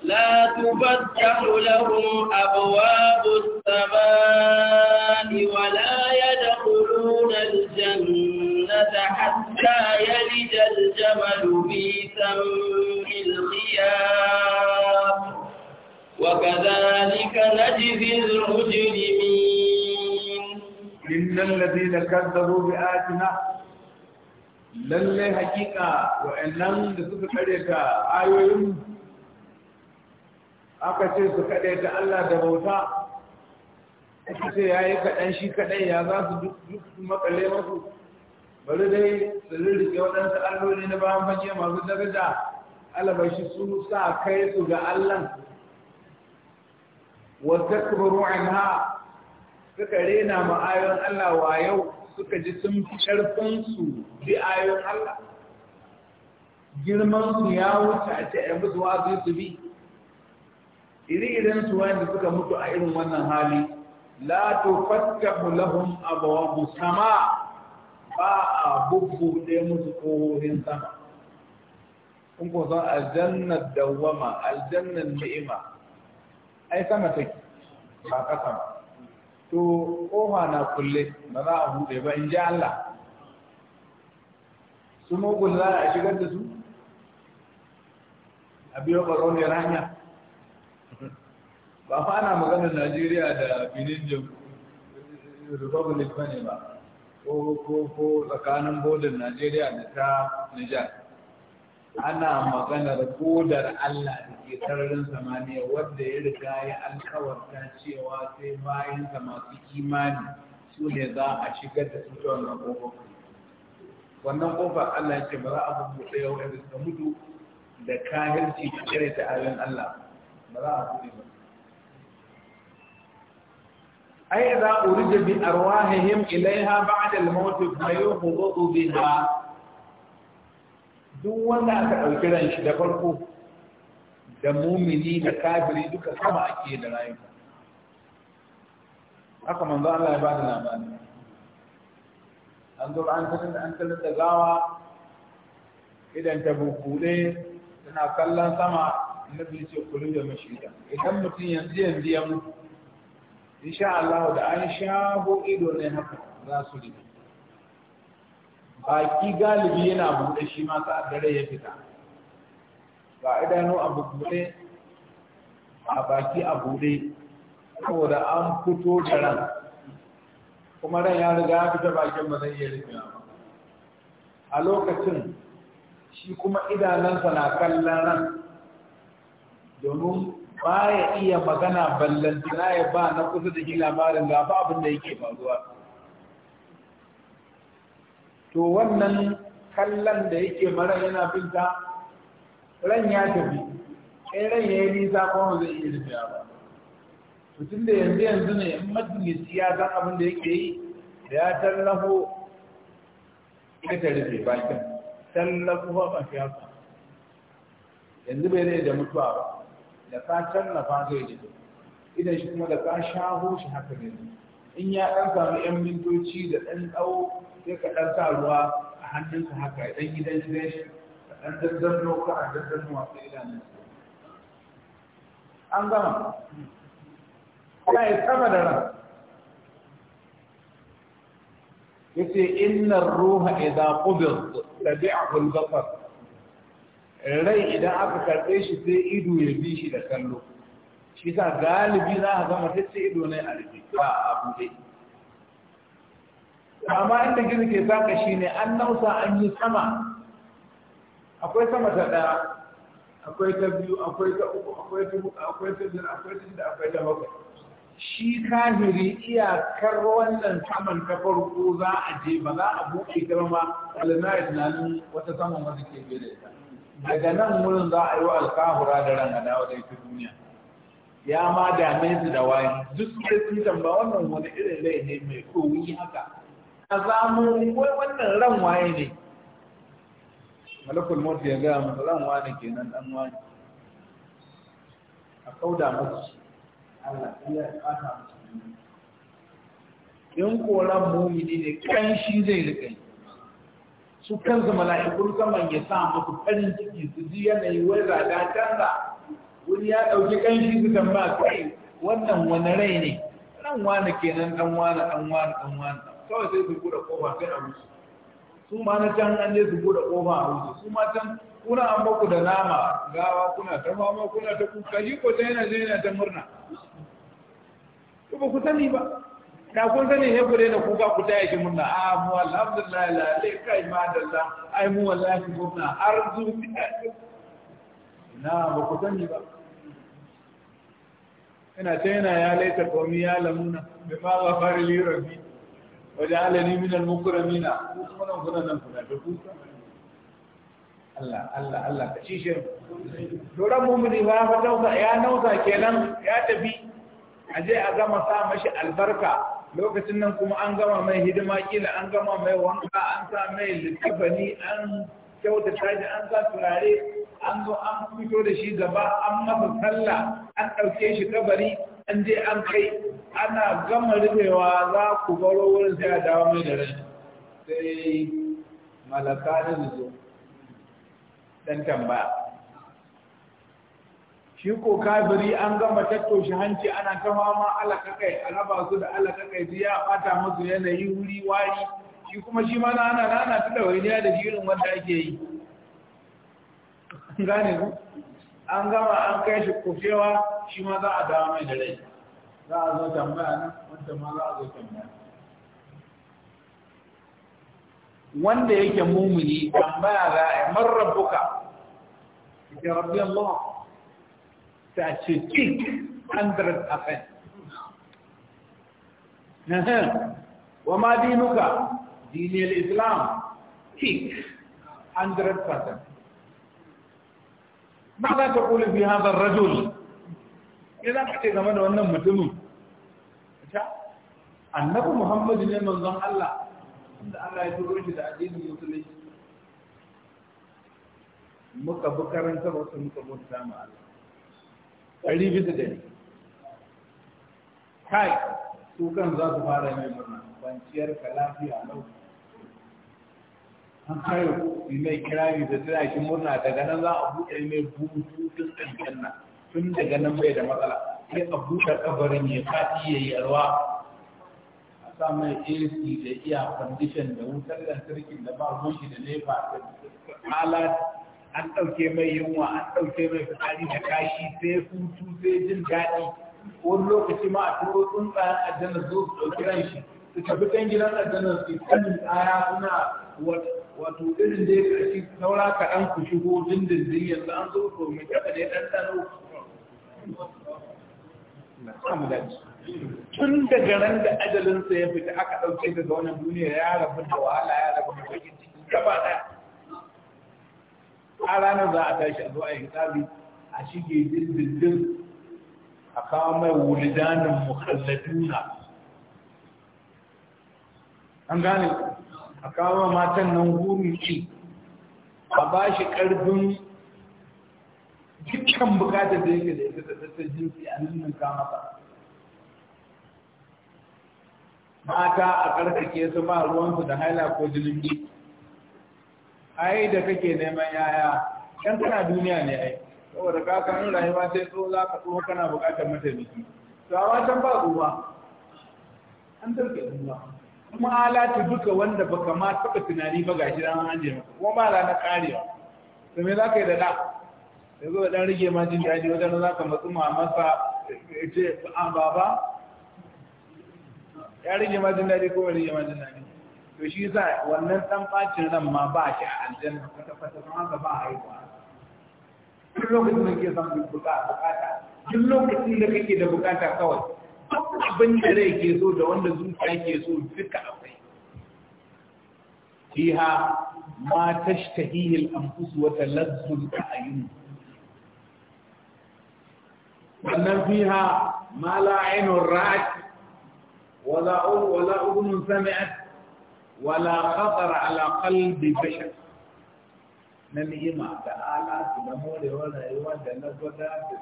لا تفتح لهم أبواب السماء ولا يدخلون الجنة الجنة حتى يلج الجمل في سم الخيام وكذلك نجزي المجرمين
إن الذين كذبوا بآتنا
lallai hakika
wa'annan da suka kare ta ayoyin aka ce su kade Allah da bauta aka yayi kaɗan shi kaɗai ya za su duk makale masu bari dai su rirrike waɗansu alloli na bayan fage masu daraja alabashi su sa kai su ga allan wata kubaru anha suka rena ma'ayon allah wa yau suka ji sun fi bi ayon allah su ya wuce a ce ‘yan musu wasu su bi iri-irin su wanda suka mutu a irin wannan hali la tufattahu lahum abawabu sama' ba a bubbuɗe musu ƙohorin sama kun ko san aljannar dawwama aljannar ni'ima ai sama take ba ƙasa ba to ƙofa na kulle ba za a buɗe ba in ji Allah su mugun za a shigar da su a biyo ɓaron ya ranya ba fa ana maganar Najeriya da Benin Republic ba ne ba ko tsakanin bodin Najeriya da ta Nijar. Ana maganar godar Allah da ke sararin samaniya wadda ya riga ya alkawarta cewa sai bayansa masu imani su ne za a shigar da su ta wannan Wannan kofar Allah ya ce ba za a buɗe yau da suka mutu da kahirci da kare ta Allah ba za a buɗe ba. ai za a rije bi arwahihim ilaiha ba'da al-maut fa yuhdu biha duk wanda aka dauki ran shi da farko da mumini da kafiri duka sama ake da rayuwa haka manzo Allah ya bada labari an zo an tarin an tarin da gawa idan ta bukule tana kallon sama annabi ce kullu da mashida idan mutum yanzu yanzu ya mutu insha Allah da an shago ido ne haka za su rike baki galibi yana buɗe shi ma sa dare ya fita ba idanu a buɗe a baki a buɗe da an fito da ran kuma ran ya riga ya fita bakin ba zai iya rikewa a lokacin shi kuma idanunsa na kallon ran domin Ba ya iya magana ballantana ya ba na kusa da shi labarin ga ba abin da yake faruwa to wannan kallon da yake mara yana binta ran ya tafi sai ran ya yi nisa kuma zai iya tafiya ba mutum da yanzu yanzu ne in majalisi ya san abin da yake yi da ya tallafo ta rufe bakin tallafo ba ba yanzu bai da mutuwa ba لكان كان لكان زي جدو إذا شو كما لكان شاهو شو حكا جدو إن يا أنت من أم من دو تشيد أن أو يكا أنت الوا أحنك حكا أي دي ليش أنت الزنو كا أنت الزنو أفضل إلى أن نسل أنظام لا يتعمل رأس يقول إن الروح إذا قبض تبعه البطر rai idan aka karɓe shi sai ido ya bi shi da kallo shi sa galibi za a zama sai ido ne a rufe ba a buɗe amma inda gini ke saka shi ne an nausa an yi sama akwai sama ta ɗaya akwai ta biyu akwai ta uku akwai ta uku akwai ta biyar akwai ta shida akwai ta bakwai shi kahiri iyakar wannan saman ta farko za a je ba za a buɗe ta ba ma alana tunanin wata saman wata ke biyu da ita daga nan wurin za a yi wa alkahura da rangana wajen ta duniya ya ma dame su da wayan duk da su tamba wannan wani irin rai ne mai kowi haka a
zamu wai wannan ran waye
ne malakul mot ya gaya musu ran wani kenan dan wani a kauda musu Allah ya kasa musu in koran mumini ne kanshi zai rika yi su kansu mala'ikun saman ya sa musu farin ciki su ji yanayi wani rada canza wani ya ɗauki ƙanshi su tambaya kai wannan wani rai ne ɗan wani kenan ɗan wani ɗan wani ɗan wani kawai sai su buɗe ƙofa sai a wuce su ma na can an je su buɗe ƙofa a wuce su ma can kuna an baku da nama gawa kuna ta fama kuna ta kuka yi ko ta yana zai yana ta murna. Ba ku sani ba, da kun sani ne ku daina kuka ku taya ki murna a mu alhamdulillah la le kai ma dalla ai mu wallahi gwamna arzu na ba ku sani ba ina ta yana ya laita kaumi ya lamuna bai ma ba fara liran bi wajen alani min al-mukramina ku kuma nan kuna nan kuna da kuka Allah Allah Allah ka cishe doran mumuni ba fa dauka ya nauka kenan ya tafi aje a gama sa mashi albarka lokacin nan kuma an gama mai hidima kila an gama mai wanka an sa mai littafani an kyautata shi an sa turare an zo an fito da shi gaba an masa sallah an ɗauke shi kabari an je an kai ana gama rufewa za ku baro wurin sai a dawo mai da rai sai malaka da zo dan tambaya shi ko kafiri an gama tattoshi hanci ana ta fama ka kai alaba su da ka kai sai ya bata musu yanayi wuri wari shi kuma shi ma ana ana ta dawainiya da shirin wanda ake yi gane ku an gama an kai shi kofewa shi ma za a dawo mai da rai za a zo tambaya nan wanda ma za a zo tambaya wanda yake mumuni tambaya za a yi marar buka ita rabbi Allah ta ce cik 100% na hin wa ma islam cik 100% ba za ta kuli fi hazar rajul ya za ka ce game da wannan mutumin annabi muhammadu ne manzon Allah inda Allah ya turo shi da addinin musulunci muka bi karanta wasu muka bauta ma Allah ɗari bisa kai su za su fara mai murna kwanciyar ka lafiya lau an kayo yi mai yi da shi murna daga nan za a buɗe mai bututun ɗanɗana, tun daga nan bai da matsala sai a buɗe kabarin ya faɗi ya yi yarwa a sa mai ac da iya kwandishan da wutar lantarkin da ba ruwan da nefa da an ɗauke mai yunwa an ɗauke mai fitsari da kashi sai hutu sai jin daɗi wani lokaci ma a turo tsuntsayen aljanna zo su ɗauki ran shi su tafi kan gidan aljanna su kanin tsara suna wato irin da ya ƙarshe saura kaɗan ku shigo dindindin yanzu an zo to mai taɓa ne ɗanɗano tun daga ran da ajalinsa ya fita aka ɗauke daga wannan duniya ya rabu da wahala ya rabu da bakin ciki gaba ɗaya a ranar za a tashi a zo a yi a shige dindindin a kawo mai wulidanin mukhalladuna an gane a kawo matan nan gumi ce a ba shi ƙarfin dukkan bukatar da yake da ita da ta jinsi a kama ba. mata a ƙarfake su ba ruwansu da haila ko jinin ai da kake neman yaya kan kana duniya ne ai saboda ka kan rayuwa sai so za ka tsoho kana buƙatar mataimaki to a can ba uwa an dauke uwa kuma alatu duka wanda baka ma taɓa tunani ba gashi dan an je maka kuma ba la na karewa to me za ka yi da da yanzu da dan rage ma jin daɗi wajen za ka matsu ma masa ce a baba ya rage ma jin daɗi ko bai rage ma jin daɗi to shi za wannan dan bacin ran ma ba shi a aljanna kwata kwata kuma ka ba haihuwa duk lokacin da ke son bukata duk lokacin da kake da bukata kawai abin da rai ke so da wanda zuciya ke so duka akwai fiha ma tashtahihi al-anfus wa talazzu al-ayun wannan fiha ma la aynun ra'at wala udhun sami'at wala khatar ala qalbi na ni'ima da alatu da morewar rayuwa da na gwada da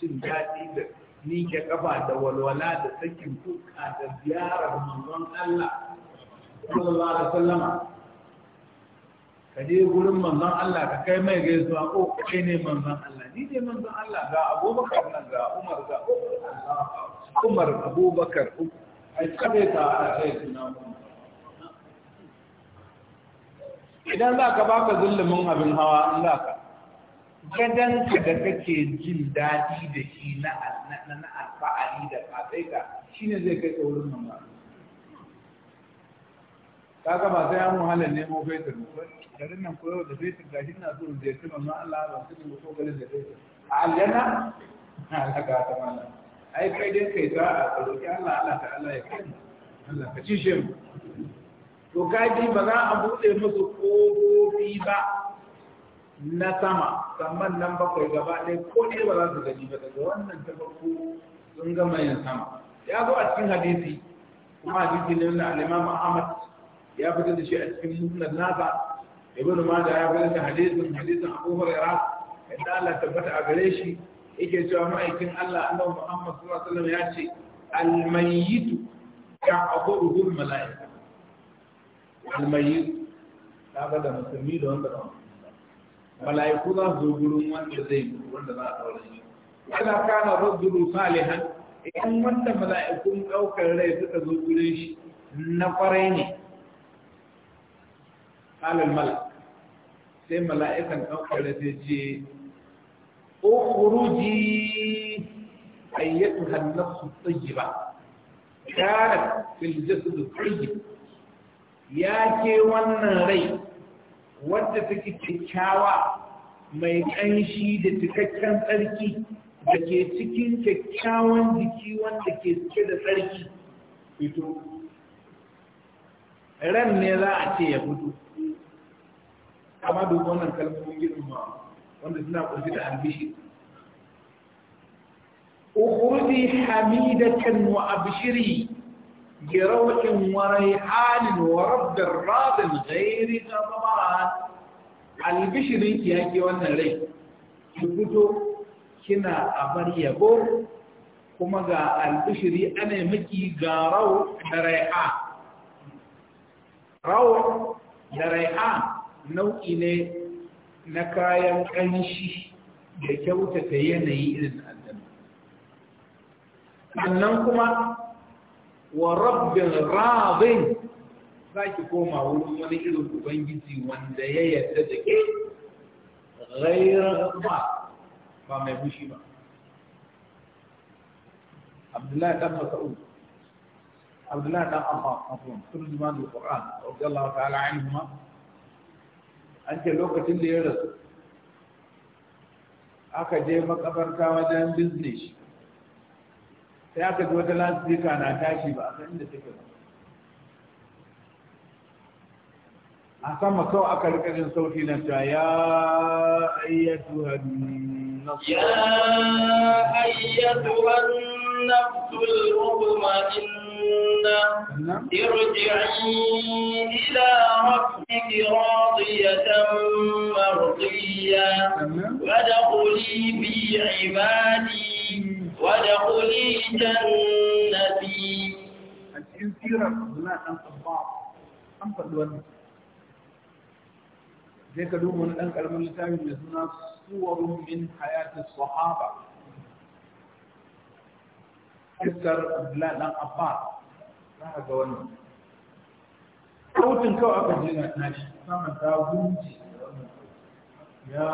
cin daɗi da nike kafa da walwala da sakin tuka da ziyarar manzon Allah sallallahu alaihi ka je gurin manzon Allah ka kai mai gaisuwa ko oh, kai ne manzon Allah ni ne manzon Allah ga Abubakar nan ga Umar ga Umar Abubakar ai kabe ta a kai sunan mu. idan za ka baka zulumin abin hawa in za ka ka da kake jin daɗi da shi na alfa'ari da fatsaika shi ne zai kai tsaurin nan ba ta gaba sai an wahala nemo fetur garin nan koyo da fetur ga shi na da zai tuma ma Allah ba su ne ko garin da fetur a na alaka ta mana ai kai dai kai ta a roki Allah Allah ta Allah ya kai Allah ka ci shi mu to kaji ba za a buɗe musu ƙofofi ba na sama saman nan bakwai gaba ɗaya ko ne ba za su gani ba daga wannan ta farko sun gama yin sama ya zo a cikin hadisi kuma hadisi ne na al'imam ahmad ya fitar da shi a cikin musnad nasa ibn majah ya fitar da hadisin hadisin abu hurairah yadda Allah tabbata a gare shi yake cewa ma'aikin Allah annabi Muhammad sallallahu alaihi wasallam ya ce al Ya ya'budu al-mala'ika almayi kaga da musulmi da wanda ba mala'iku za su zo gurin wanda zai yi. wanda za a daure shi kana kana rajulu salihan Idan wanda mala'ikun daukar rai suka zo gurin shi na kwarai ne halin mala sai mala'ikan daukar rai sai ce ukhruji kuruji! Ayyatu, nafsu at-tayyiba kanat fil jasad at ya ke wannan rai wadda take kyakkyawa mai ƙanshi da cikakken tsarki da ke cikin kyakkyawan jiki wanda ke
cike da tsarki
fito ran ne za a ce ya fito amma duk wannan kalmomin girma wanda suna kunshi da albishi
ukhudi
hamidatan wa abshiri بروح وريحان ورب الراض غير طبعا albishirin ki yake wannan rai ki fito kina a bar yabo kuma ga albishiri ana miki ga rau da rai'a rau da rai'a nau'i ne na kayan ƙanshi da kyautata yanayi irin aljanna sannan kuma
wa rabbin rabin
za ki koma wurin wani irin ubangiji wanda ya yarda da ke ghairar ba ba mai fushi ba abdullahi dan masau abdullahi dan abba afwan turjuman alquran radiyallahu ta'ala ma an ce lokacin da ya rasu aka je makabarta wajen business sai aka ji wata lasifika na tashi ba a sanin da take ba a sama kawai aka rika jin sauti na ta ya ayyatu ارجعي ayyatu
nafsul mutma'inna irji'i ila rabbiki radiyatan وادخلي جنتي a cikin sirar
zuna ɗan tsamba an faɗi wannan zai ka duba wani ɗan ƙaramin littafi mai suna suwarun min hayatin sahaba iskar abdullahi ɗan abba za ka ga wannan sautin kawai aka je na tashi saman ta gunji ya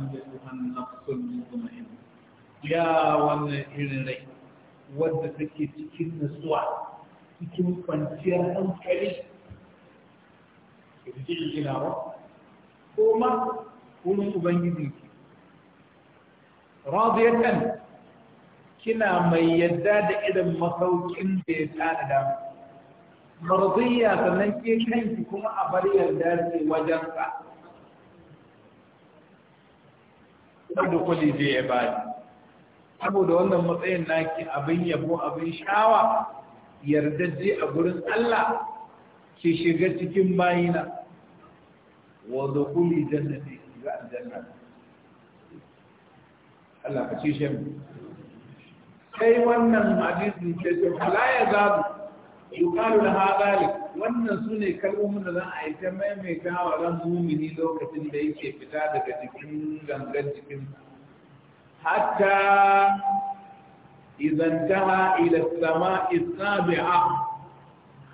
kunje tuhan nafsul mutmainna ya wannan irin rai wadda take cikin nutsuwa cikin kwanciyar hankali da cikin ginawa ko ma wurin ubangijin ki radiyatan kina mai yadda da irin masaukin da ya tsada da marziya sannan ke kanki kuma a bar yarda ce wajen ka. Wadda kuli je ya bani. saboda wannan matsayin naki abin yabo abin shawa yardajje a gurin Allah ke shiga cikin bayina wa dukuli jannati ga aljanna Allah ka ci shem sai wannan hadisi ke ce la ya zabu yuqalu laha zalik wannan sune kalmomin da za a yi ta mai wa ran mumini lokacin da yake fita daga jikin gangan jikinsa حتى إذا انتهى إلى السماء السابعة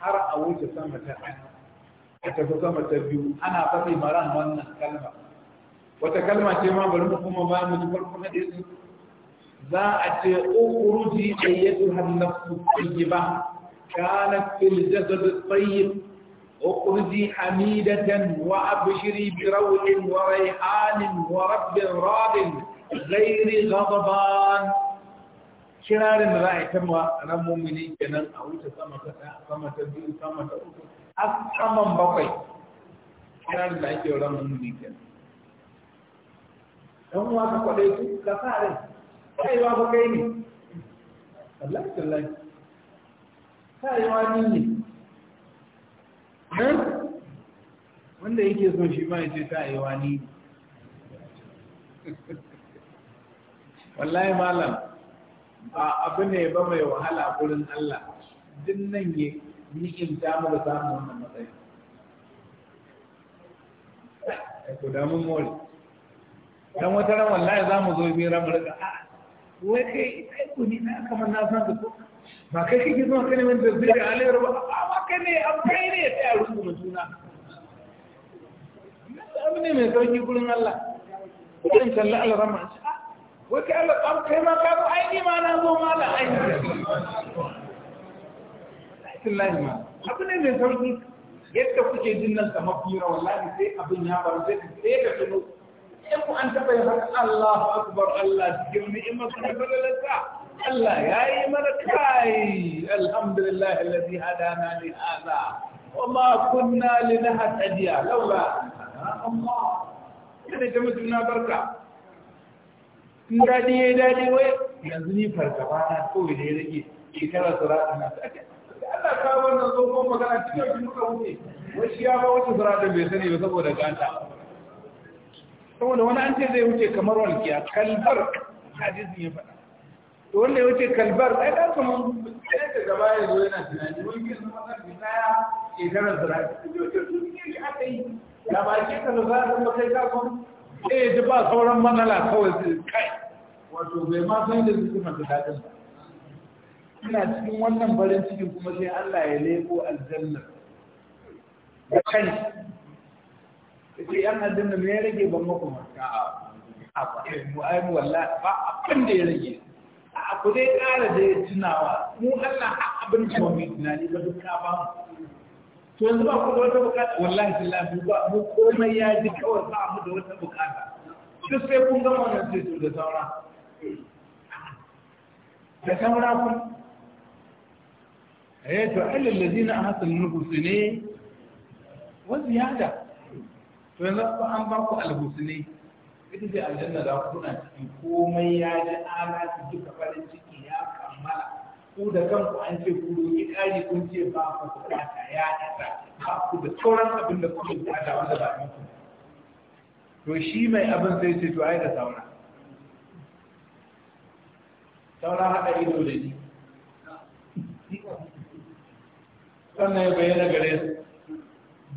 حر أو تسمى حتى تسمى تبيو أنا أقضي مران من كلمة وتكلمة ما بلنكم وما مجبر حديث ذا أخرجي أيتها النفس الطيبة كانت في الجسد الطيب أخرجي حميدة وأبشري بروح وريحان ورب راض غير غضبان kirarin da za a yi ta ran mumini kenan a wuce sama ta sama ta biyu sama ta a saman bakwai kirarin da ake ran mumini kenan dan uwa ka kwadai su eh? wanda yake so shi ma ya ce kaiwa ni wallahi malam ba abu ne ba mai wahala gurin Allah duk nan ya ni'imta mu da samu wannan matsayi ai ku da mun more dan wata ran wallahi za mu zo bi ran barka rika wai kai kai ku ni na kamar na san ku ba kai kike zuwa kane mun da zai alayar ba ba kai ne an kai ne sai a rubu mutuna abu ne mai sauki gurin Allah kuɗin kalli alarama wata Allah tsam kai ma ka zo aini ma na zo ma na aini Allahi ma abu ne mai sauki yadda kuke jin nan mafi yawa wallahi sai abin ya bar sai sai ka tuno in ku an taɓa yin haka Allahu akbar Allah cikin ni'imar ka lalata. Allah ya yi mana kai alhamdulillah alladhi hadana li hadha وما كنا لنهتدي لولا الله. يعني جمعت لنا barka. in daɗi ya yi daɗi wai yanzu ni fargaba na kowai da ya rage shekarar suratun nasu ake Allah ka wannan zo ko magana cikin shi muka wuce wai shi ya ba wata suratun bai sani ba saboda gata saboda wani an ce zai wuce kamar walƙiya kalbar hadisin ya faɗa to wanda ya wuce kalbar ai da kuma sai da gaba ya zo yana tunani wai ke zama na bisaya shekarar suratun ya wuce sun yi aka yi da ba ke ka zo za a zama kai ka kuma eh ya ba sauran manala kawai kai wato bai ma san da suke ba ina cikin wannan barin cikin kuma sai Allah ya leko aljanna da kai ya yan aljanna me ya rage ban a eh, mu ai mu wallahi ba abin da ya rage a ku dai da tunawa mu Allah abin da mu tunani ba duk ba mu to yanzu ba ku da wata bukata wallahi billahi mu ba mu komai ya ji kawai ba mu da wata bukata duk sai kun gama wannan sai su da saura da saura kun eh to alal ladina ahsanu nuhusine wa ziyada to yanzu an ba ku alhusine ita ce aljanna za ku na cikin komai ya ji ala duka farin ciki ya kammala ku da kanku an ce ku roƙi ƙari kun ce ba ku bukata ya isa ba ku da sauran abin da kuke ta wanda ba a muku to shi mai abin sai ce to ai da sauna saura haɗa ido da ni sannan ya bayyana gare su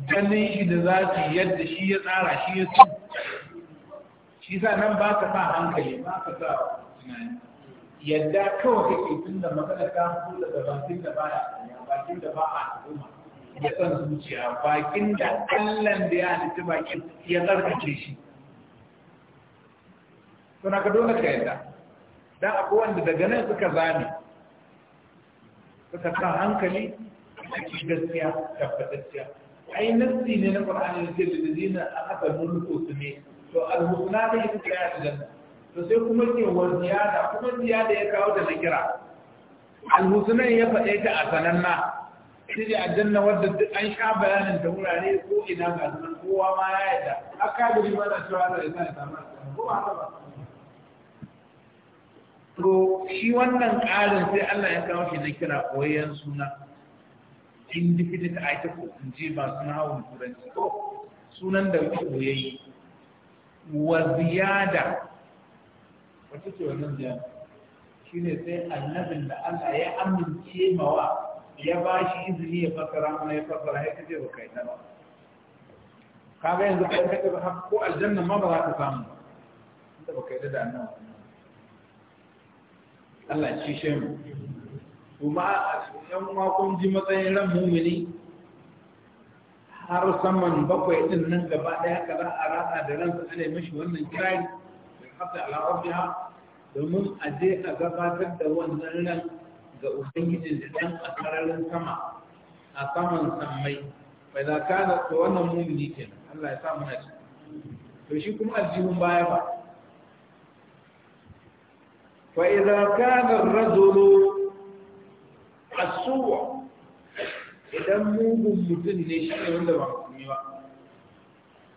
ganin shi da za su yadda shi ya tsara shi ya su shi sa nan ba ka sa hankali ba ka sa tunani yadda kawai kake tun magana ta fito daga bakin da ba baya bakin da ba a tuhuma ya san zuciya bakin da Allah da ya halitta bakin ya tsarkace shi to ka dole ka yadda dan akwai wanda daga nan suka zame suka sa hankali a cikin gaskiya tabbatacciya ai nassi ne na Qur'ani da zai da zina a haka nuna ko su ne to al-husna da yake da aljanna to sai kuma ke wa ziyada kuma ziyada ya kawo da nakira alhusunan ya faɗe ta a sananna shi da aljanna wadda duk an sha bayanin da wurare ko ina ga sunan kowa ma ya yadda aka da ba da cewa da isa ya samu ko ba ba to shi wannan ƙarin sai Allah ya kawo shi nakira koyan suna aiki ko in ji ba suna hawan turanci ko sunan da wuce yayi wa ziyada wata ce wannan jami'a shi ne sai annabin da Allah ya amince mawa ya ba shi izini ya fassara mana ya fassara, ya kace ba kai ba ga yanzu kai kace ba ko aljanna ma ba za ka samu inda ba kai da annabi Allah ya cishe mu kuma yan ma kun ji matsayin ran mumini har saman bakwai din nan gaba daya kaza a rana da ransa ana mishi wannan kirari الحق على ربها domin a je a gabatar da wannan ran ga ubangiji da dan a sararin sama a saman sammai bai za ka da to wannan mumini ke Allah ya sa na ci to shi kuma aljihun baya ba fa idza kana ar-rajulu suwa idan mugun mutum ne shi ne wanda ba musulmi ba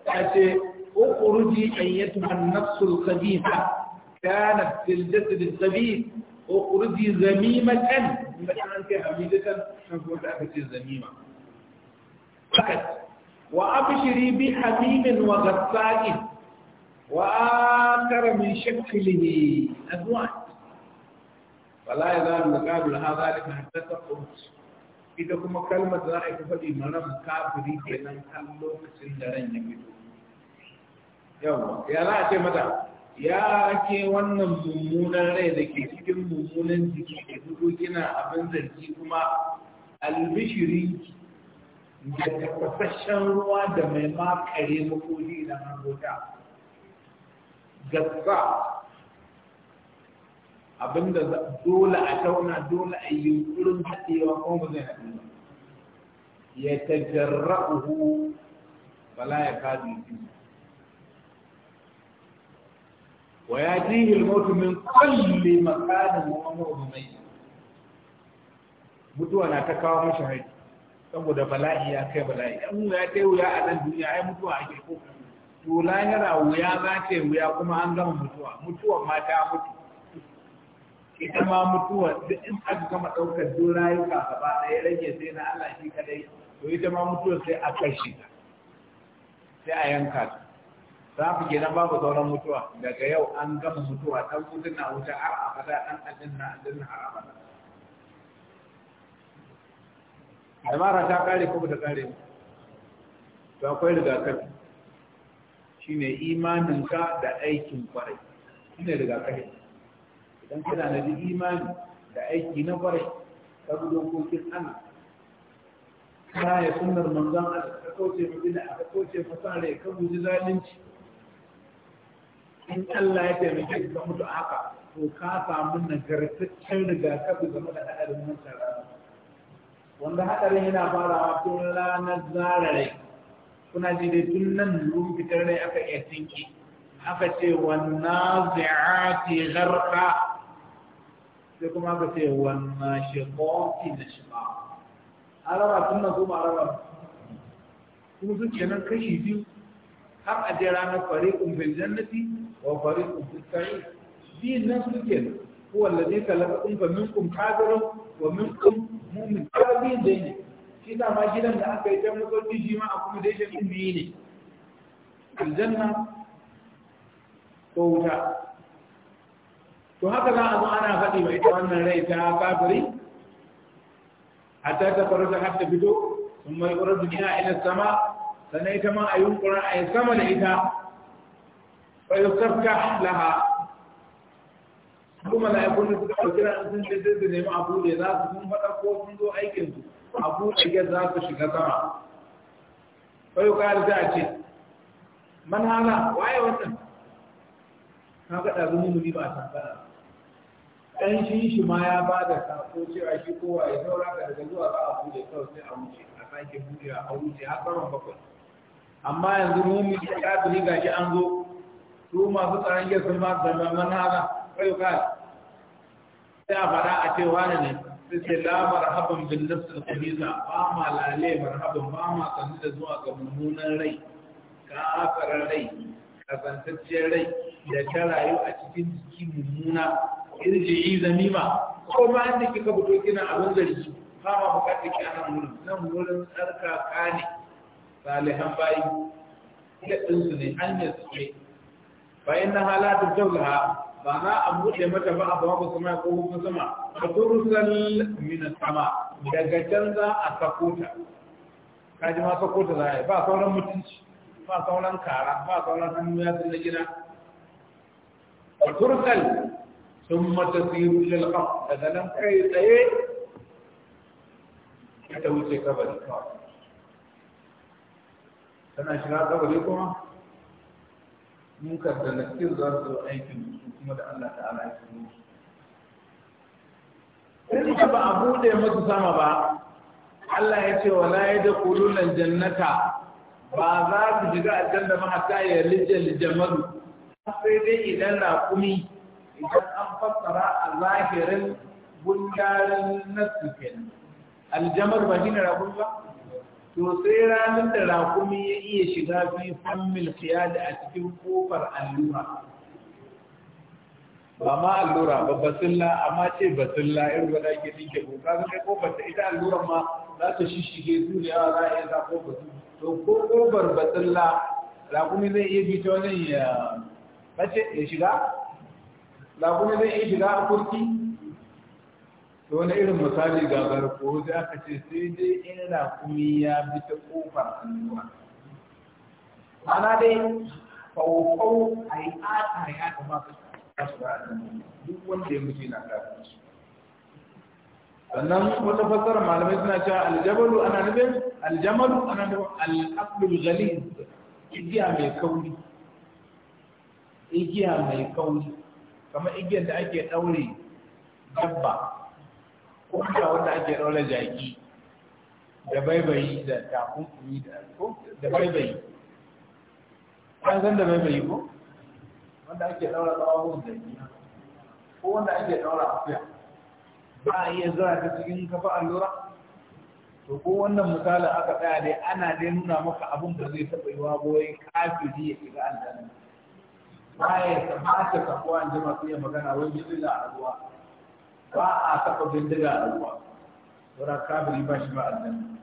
ta ce اخرجي أيتها النفس الخبيثة كانت في الجسد الخبيث اخرجي ذميمة مثلا كحميدة نقول أبشر زميمة فقط
وأبشري بحميم وغساق
وآخر من شكله أزواج فلا يزال مقابل هذا ذلك حتى تخرج إذا كما كلمة رأيك فدي مرم كافري كنا كل سندرين درن yawa ya za a ce mata ya ke wannan mummunan rai da ke cikin mummunan jiki da duku kina abin zargi kuma albishiri da tafasasshen ruwa da mai makare makoli na mangota gasa abinda dole a tauna dole a yi yunkurin haɗewa ko ba zai haɗu ba ya tajarra'uhu bala ya kaji yi wa ya ji hilmotu min kulli makanin
wani umai
mutuwa na ta kawo mashi haiti saboda bala'i ya kai bala'i yan ya ta wuya a nan duniya ai mutuwa ake ko to lahira wuya za ta wuya kuma an gama mutuwa mutuwa ma ta mutu ita ma mutuwa duk in aka gama ɗaukar duk rayuka gaba ɗaya rage sai na Allah shi kadai to ita ma mutuwa sai a kashe ta sai a yanka ta safi kenan babu sauran mutuwa daga yau an gama mutuwa ɗan mutun na wuta har abada na aljanna aljanna har abada dabara ta kare ko ta kare to akwai rigakafi shine imaninka da aikin kwarai shine rigakafi idan kana da imani da aiki na kwarai ka bi dokokin Allah Ta ya sunnar manzon Allah ka kauce mu a ka kauce fasare ka guji zalunci in Allah ya taimake ka mutu haka to ka samu nagartaccen rigakafi game da hadarin wancan rana wanda hadarin yana farawa tun ranar zara rai kuna ji dai tun nan ruwan fitar rai aka iya tinki aka ce wanna zi'ati gharqa sai kuma aka ce wanna shiqati nashqa araba tun na zuba araba kuma su kenan kashi biyu har a je ranar fariqun fil jannati wa fariqun fis sa'ir din nan suke huwa alladhi khalaqakum fa minkum kafirun wa minkum mu'min kafirun dai ne shi da ma gidan da aka yi ta mutunci shi ma accommodation din ne ne aljanna ko wuta to haka za a zo ana faɗi mai ita wannan rai ta kafiri hatta ta faru ta hatta fito sun mai ƙurar duniya ila sama sannan ita ma a yi yunkurin a yi sama da ita ba yi karka laha kuma na yakun da suka ɗauki ran sun ce zai nemi a buɗe za su sun faɗa ko sun zo aikin su a buɗe ya za su shiga sama ba yi kawai da a ce man hana waye wannan ka gada zuni mummuni ba a tankara ɗan shi shi ma ya ba da sako cewa shi kowa ya saura ka daga zuwa za a buɗe kawai sai a wuce a sake buɗe a wuce har saman bakwai amma yanzu mumi da kafiri shi an zo su masu tsaron gir sun ba zama zaman haka kai ka sai a fara a ce wani ne sai ce la marhaban bin nafsul khabisa ba ma lale marhaban ba ma sanu da zuwa ga mummunan rai ka akarar rai kasantacciyar rai da ta rayu a cikin jiki mummuna irji'i zamima ko ma inda kika fito kina abin zargi ba ma bukatar ki ana wurin nan wurin ka ne salihan bayi ila ɗinsu ne an yi suke bayan na halatun jaulaha ba na a buɗe mata ba a babu sama ko hukun sama a tursal min sama daga can za a sakota ji ma sakota za a yi ba sauran mutunci ba sauran kara ba sauran hannu ya na gina a tursal sun mata siru ilal kam daga nan kai tsaye ta wuce kabari kawai tana shiga kabari kuma munkar da nakir za su aikin su kuma da Allah ta'ala ya su musu in ka ba a buɗe musu sama ba Allah ya ce wala ya da kulunan jannata ba za su shiga aljanna ba hatta ya lijjal jamalu sai dai idan raƙumi idan an fassara a zahirin gundarin nasu kenan aljamal ba shine raƙumi ba to sai ranar da rakumi ya iya shiga fi fammil da a cikin kofar allura ba ma allura ba basilla amma ce basilla irin wadda ke dinke ko ka kai kofar ta ita allura ma za ta shishige duniya za a iya sa kofar to ko kofar basilla rakumi zai iya bi ta wani ya bace ya shiga rakumi zai iya shiga a kurki to wani irin misali ga barko sai aka ce sai dai in raƙumi ya bi ta ƙofar hannuwa ana dai faufau a yi ata ya ta ba su da duk wanda ya mutu na kafin su sannan wata fassara malamai suna cewa aljabalu ana nufin aljamalu ana nufin al'abdul ghalib igiya mai kauri igiya mai kauri kamar igiyar da ake ɗaure dabba kuma wanda ake ɗaura jaki da baibayi da takunkumi da Da baibayi an zan da baibayi ko wanda ake ɗaura tsawon jaki ko wanda ake ɗaura afiya ba a iya zara ta cikin kafa allura to ko wannan misalin aka tsaya dai ana dai nuna maka abin da zai taɓa yiwa boye kafiri ya shiga aljanna ba ya kamata ka kowa in ji masu iya magana wajen jirgin a ba a kafa bindiga a ruwa wura kafiri ba shi ba aljanna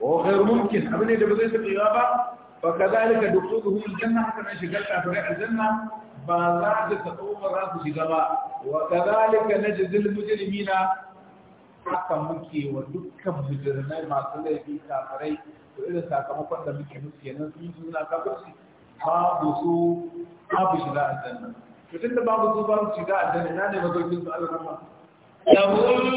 wa ghayr mumkin abin da ba zai tafi ba fa kadalika dukhuluhum aljanna haka nan shigar kafirai aljanna ba za ta taɓa ba za su shiga ba wa kadalika najzil mujrimina haka muke wa dukkan mujirmai masu laifi kafirai to irin sakamakon da muke musu kenan sun suna kafirci babu su babu shiga a aljanna fitin da babu su babu shiga aljanna ina ne mazaukin su Allah rahma lahum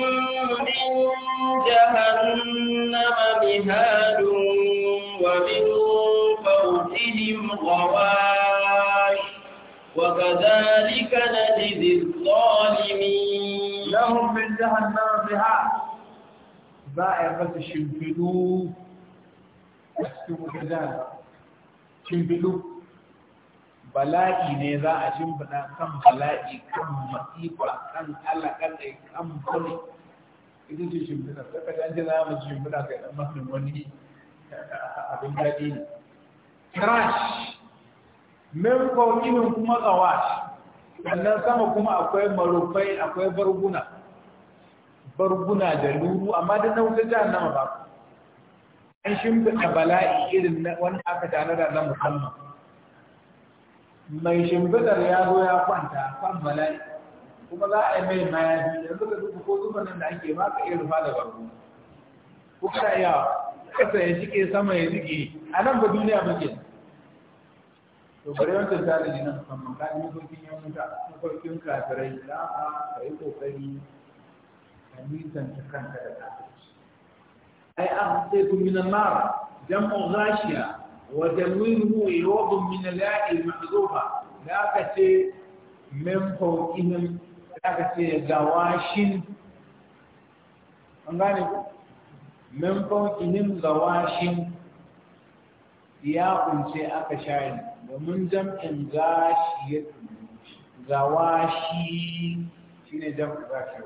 min jahannama mihadun wa min fawqihim ghawash wa kadhalika najzi adh-dhalimin lahum min jahannama mihad ba a yaba shimfidu
a cikin wuta shimfidu bala'i ne za a shimfiɗa kan bala'i kan masifa kan alaƙaɗe kan kone ita ce shimfiɗa saka an ji za mu shimfiɗa kai ɗan mafi wani abin daɗi ne crash min fauƙinin kuma tsawa sannan sama kuma akwai marufai akwai barguna barguna da luru amma da na wuta nama ba an shimfiɗa bala'i irin wanda aka tanada na musamman mai shimfidar ya zo ya kwanta kan bala'i kuma za a yi mai mayafi yanzu ka duka ko zuba nan da ake ba ka iya rufa da barko ko ka iya kasa ya shike sama ya zike a nan ba duniya ba ke to bari wancan tare ne na musamman ka yi mafarkin yan wuta mafarkin kafirai Za a kai yi kokari ka ta kanka da kafirci ai an sai kun nan mara jam'u gashiya وتنوينه إعوض من اللاء المحذوفة لا كتير من فوقهم لا كتير زواشن أنغاني من فوقهم زواشن ya kunce aka shari domin jam'in gashi gawashi shi jam'in gashi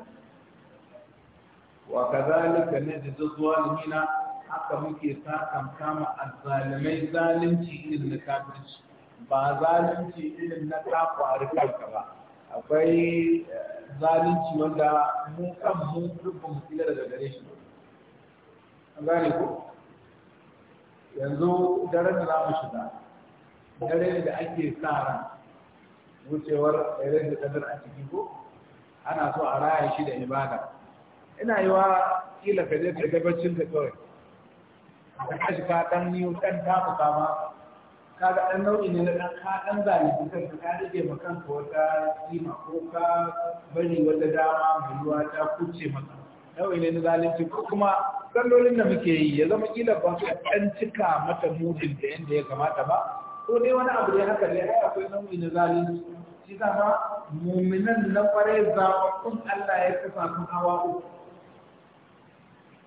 wa kazalika ne da zuwa limina haka muke sakan kama azzalimai zalunci irin na kafirci ba zalunci irin na kafari kanka ba akwai eh, zalunci wanda mu kan mu rubun mu tsira daga gare shi an gane ko yanzu daren da za mu shiga dare da ake sa ran wucewar dare da kadar a ciki ko ana so a raya shi da ibada ina yi wa kila ka je ka gabacin da kawai da kashi ka dan niyo dan ta fuka ba ka dan nauyi ne na dan ka dan zalunci kanka ka rage ma kanka wata kima ko ka bari wata dama mai ruwa ta kuce maka nauyi ne na zalunci ko kuma sallolin da muke yi ya zama kila ba ka dan cika mata mudin da yanda ya kamata ba ko dai wani abu da haka ne, ai akwai nau'i na zalunci shi zama muminan na kwarai zaɓaɓɓun Allah ya kasa sun hawa uku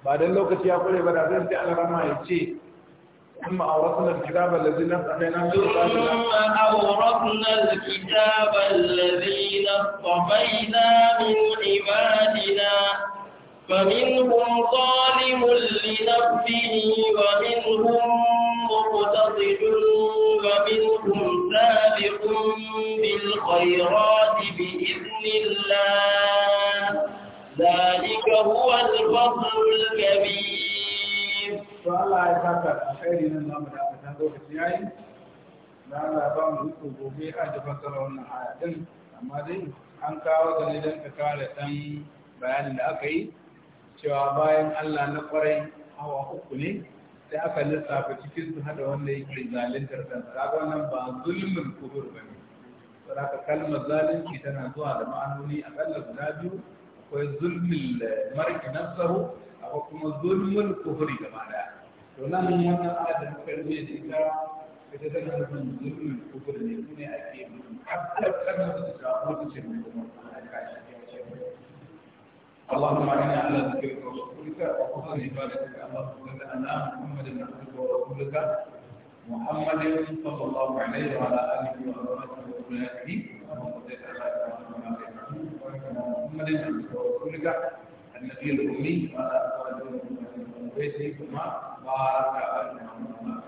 ba dan lokaci ya kure ba da zan ji alrama ya ce amma awrasna alkitaba alladhina qadaina amma awrasna
alkitaba alladhina qabaina min ibadina فمنهم ظالم لنفسه ومنهم مقتصد ومنهم سابق بالخيرات بإذن الله ذلك هو الفضل الكبير فالله يبارك
خير من الله da lokaci yayi da Allah ba mu iko gobe a da fasara wannan aya amma dai an kawo da ne dan ka kare bayanin da aka yi cewa bayan Allah na kwarai hawa uku ne sai aka lissafa cikin su hada wanda yake zaluntar dan kaga nan ba zulmin kubur bane saboda kalmar zalunci tana zuwa da ma'anoni akalla guda biyu akwai zulmin marki nasaru akwai kuma zulmin kufuri gaba daya to nan wannan ala da muka rubuce da ita ita tana nufin zulmin kufuri ne kuma ake nufin tabbatar da
اللهم اعنا على
ذكرك وشكرك وحسن عبادتك اللهم صل على محمد عبدك ورسولك محمد صلى الله عليه وعلى اله وصحبه وسلم وبارك على محمد ورسولك النبي الأمي وبيتهما بارك على محمد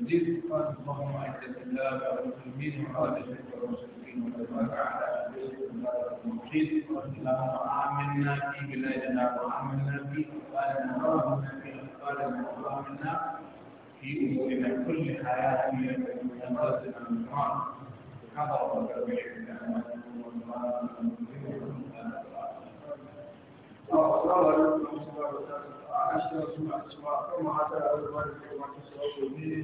مجيد اللهم أعز الإسلام والمسلمين وعلى الشرك والمشركين وتبارك على الموحد اللهم آمنا في بلادنا وآمنا في أقوالنا وآمنا في أقوالنا وآمنا في أمورنا كلها يا أمير المؤمنين ربنا سبحانه وتعالى
Thank you.